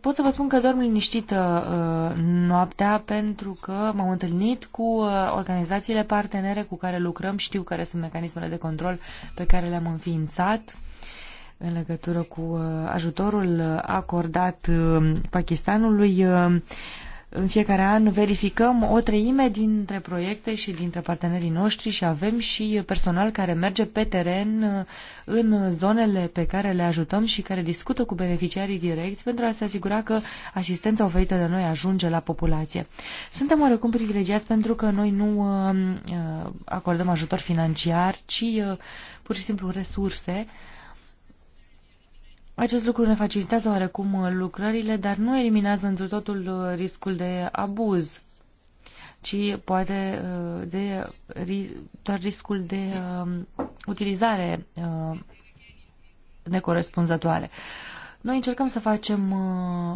Speaker 2: Pot să vă spun că dorm liniștită uh, noaptea pentru că m-am întâlnit cu uh, organizațiile partenere cu care lucrăm, știu care sunt mecanismele de control pe care le-am înființat în legătură cu uh, ajutorul acordat Pakistanului în fiecare an verificăm o treime dintre proiecte și dintre partenerii noștri și avem și personal care merge pe teren în zonele pe care le ajutăm și care discută cu beneficiarii direcți pentru a se asigura că asistența oferită de noi ajunge la populație. Suntem oarecum privilegiați pentru că noi nu uh, uh, acordăm ajutor financiar, ci uh, pur și simplu resurse acest lucru ne facilitează oarecum uh, lucrările, dar nu eliminează întru totul uh, riscul de abuz, ci poate uh, de, doar riscul de um, utilizare necorespunzătoare. Noi încercăm să facem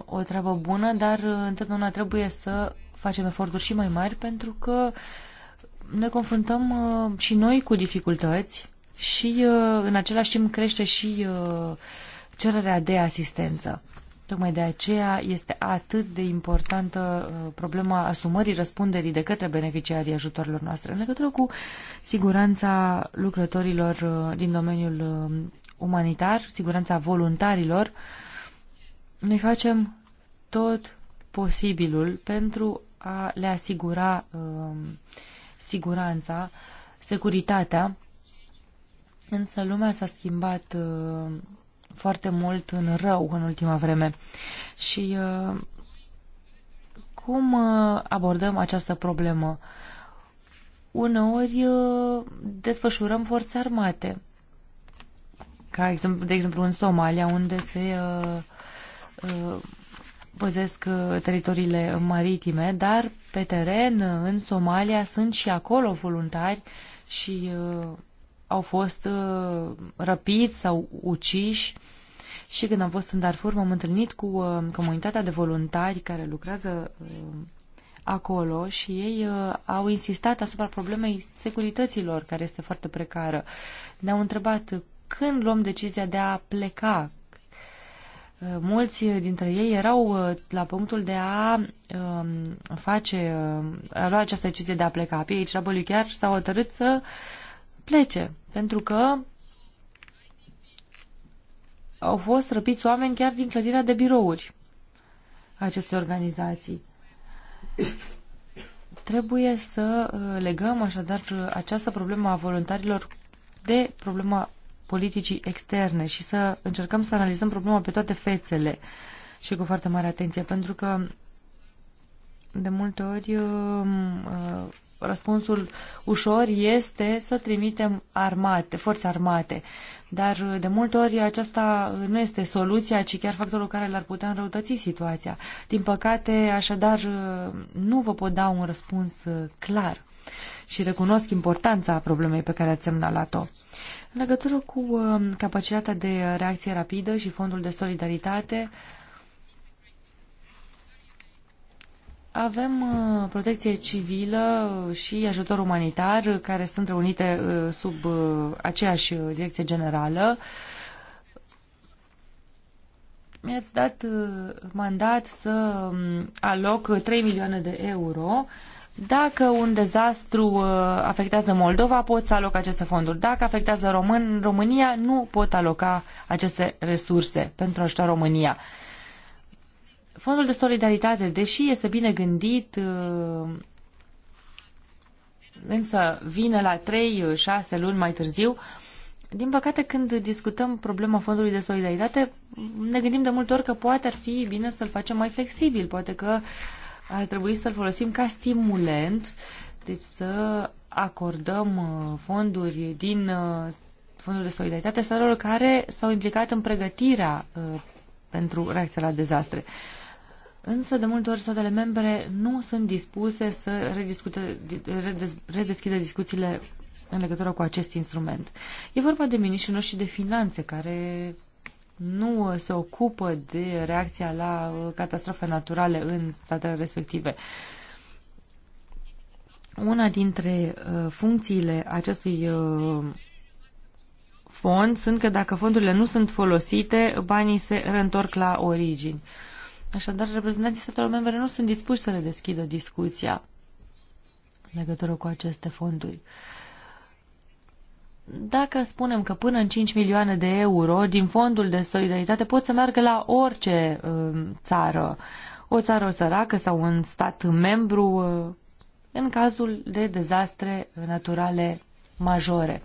Speaker 2: o treabă bună, dar întotdeauna trebuie să facem eforturi și mai mari pentru că ne confruntăm și noi cu dificultăți și în același timp crește și cererea de asistență. Tocmai de aceea este atât de importantă uh, problema asumării răspunderii de către beneficiarii ajutorilor noastre în legătură cu siguranța lucrătorilor uh, din domeniul uh, umanitar, siguranța voluntarilor. Noi facem tot posibilul pentru a le asigura siguranța, securitatea, însă lumea s-a schimbat foarte mult în rău în ultima vreme. Și uh, cum uh, abordăm această problemă? Uneori uh, desfășurăm forțe armate, ca de exemplu în Somalia, unde se păzesc teritoriile maritime, dar pe teren în Somalia sunt și acolo voluntari și uh, au fost uh, răpiți sau uciși și când am fost în Darfur, m-am întâlnit cu uh, comunitatea de voluntari care lucrează uh, acolo și ei uh, au insistat asupra problemei securităților, care este foarte precară. Ne-au întrebat uh, când luăm decizia de a pleca. Uh, mulți dintre ei erau uh, la punctul de a um, uh, face, a lua această decizie de a pleca. Pe ei, Traboliu chiar s-au hotărât să plece, pentru că au fost răpiți oameni chiar din clădirea de birouri acestei organizații. Trebuie să uh, legăm așadar uh, această problemă a voluntarilor de problema politicii externe și să încercăm să analizăm problema pe toate fețele și cu foarte mare atenție, pentru că de multe ori um, uh, răspunsul ușor este să trimitem armate, forțe armate. Dar de multe ori aceasta nu este soluția, ci chiar factorul care l-ar putea înrăutăți situația. Din păcate, așadar, nu vă pot da un răspuns clar și recunosc importanța problemei pe care ați semnalat-o. În legătură cu um, capacitatea de reacție rapidă și fondul de solidaritate, Avem uh, protecție civilă și ajutor umanitar care sunt reunite uh, sub uh, aceeași direcție generală. Mi-ați dat mandat să um, aloc 3 milioane de euro dacă un dezastru afectează Moldova, pot să aloc aceste fonduri. Dacă afectează Român, România, nu pot aloca aceste resurse pentru a ajuta România. Fondul de solidaritate, deși este bine gândit, uh, însă vine la 3-6 uh, luni mai târziu. Din păcate, când discutăm problema fondului de solidaritate, ne gândim de multe ori că poate ar fi bine să-l facem mai flexibil, poate că ar trebui să-l folosim ca stimulent, deci să acordăm uh, fonduri din fondul de solidaritate statelor care s-au implicat în pregătirea pentru reacția la dezastre. Uh, Însă, de multe ori, statele membre nu sunt dispuse să redes, redeschidă discuțiile în legătură cu acest instrument. E vorba de miniștrii noștri de finanțe, care nu uh, se ocupă de reacția la uh, catastrofe naturale în statele respective. Una dintre uh, funcțiile acestui fond sunt că dacă fondurile nu sunt folosite, banii se reîntorc la origini. Așadar, reprezentanții statelor membre nu sunt dispuși să ne deschidă discuția în legătură cu aceste fonduri. Dacă spunem că până în 5 milioane de euro din fondul de solidaritate pot să meargă la orice uh, țară, o țară săracă sau un stat membru, uh, în cazul de dezastre naturale majore.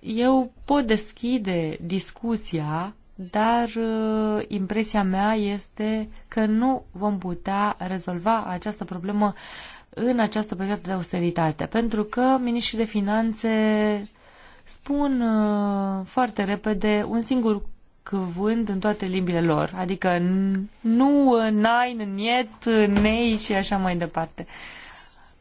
Speaker 2: Eu pot deschide discuția dar uh, impresia mea este că nu vom putea rezolva această problemă în această perioadă de austeritate, pentru că ministrii de finanțe spun uh, foarte repede un singur cuvânt în toate limbile lor, adică nu, uh, nein, niet, nei și așa mai departe.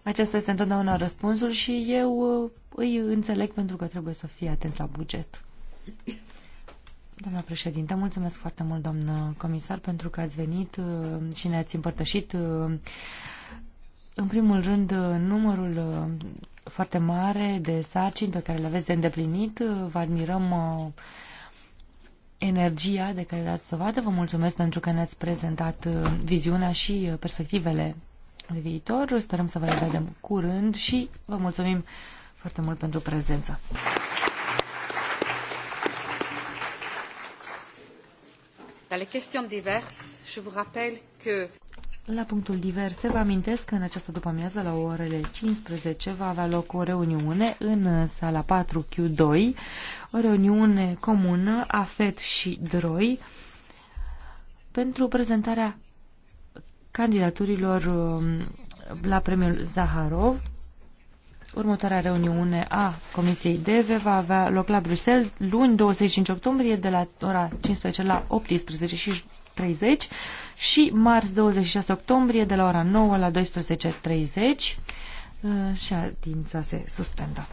Speaker 2: Acesta este întotdeauna răspunsul și eu îi înțeleg pentru că trebuie să fie atenți la buget. Doamna președinte, mulțumesc foarte mult, doamnă comisar, pentru că ați venit uh, și ne-ați împărtășit, uh, în primul rând, uh, numărul foarte mare de sarcini pe care le aveți de îndeplinit. Vă admirăm energia de care dați dovadă. Vă mulțumesc pentru că ne-ați prezentat viziunea și perspectivele de viitor. Sperăm să vă revedem curând și vă mulțumim foarte mult pentru prezența. la punctul diverse, vă amintesc că în această după-amiază, la orele 15, va avea loc o reuniune în sala 4Q2, o reuniune comună a FED și DROI pentru prezentarea candidaturilor um, la premiul Zaharov Următoarea reuniune a Comisiei DEVE va avea loc la Bruxelles luni 25 octombrie de la ora 15 la 18.30 și și marți 26 octombrie de la ora 9 la 12.30 uh, ședința se suspendă.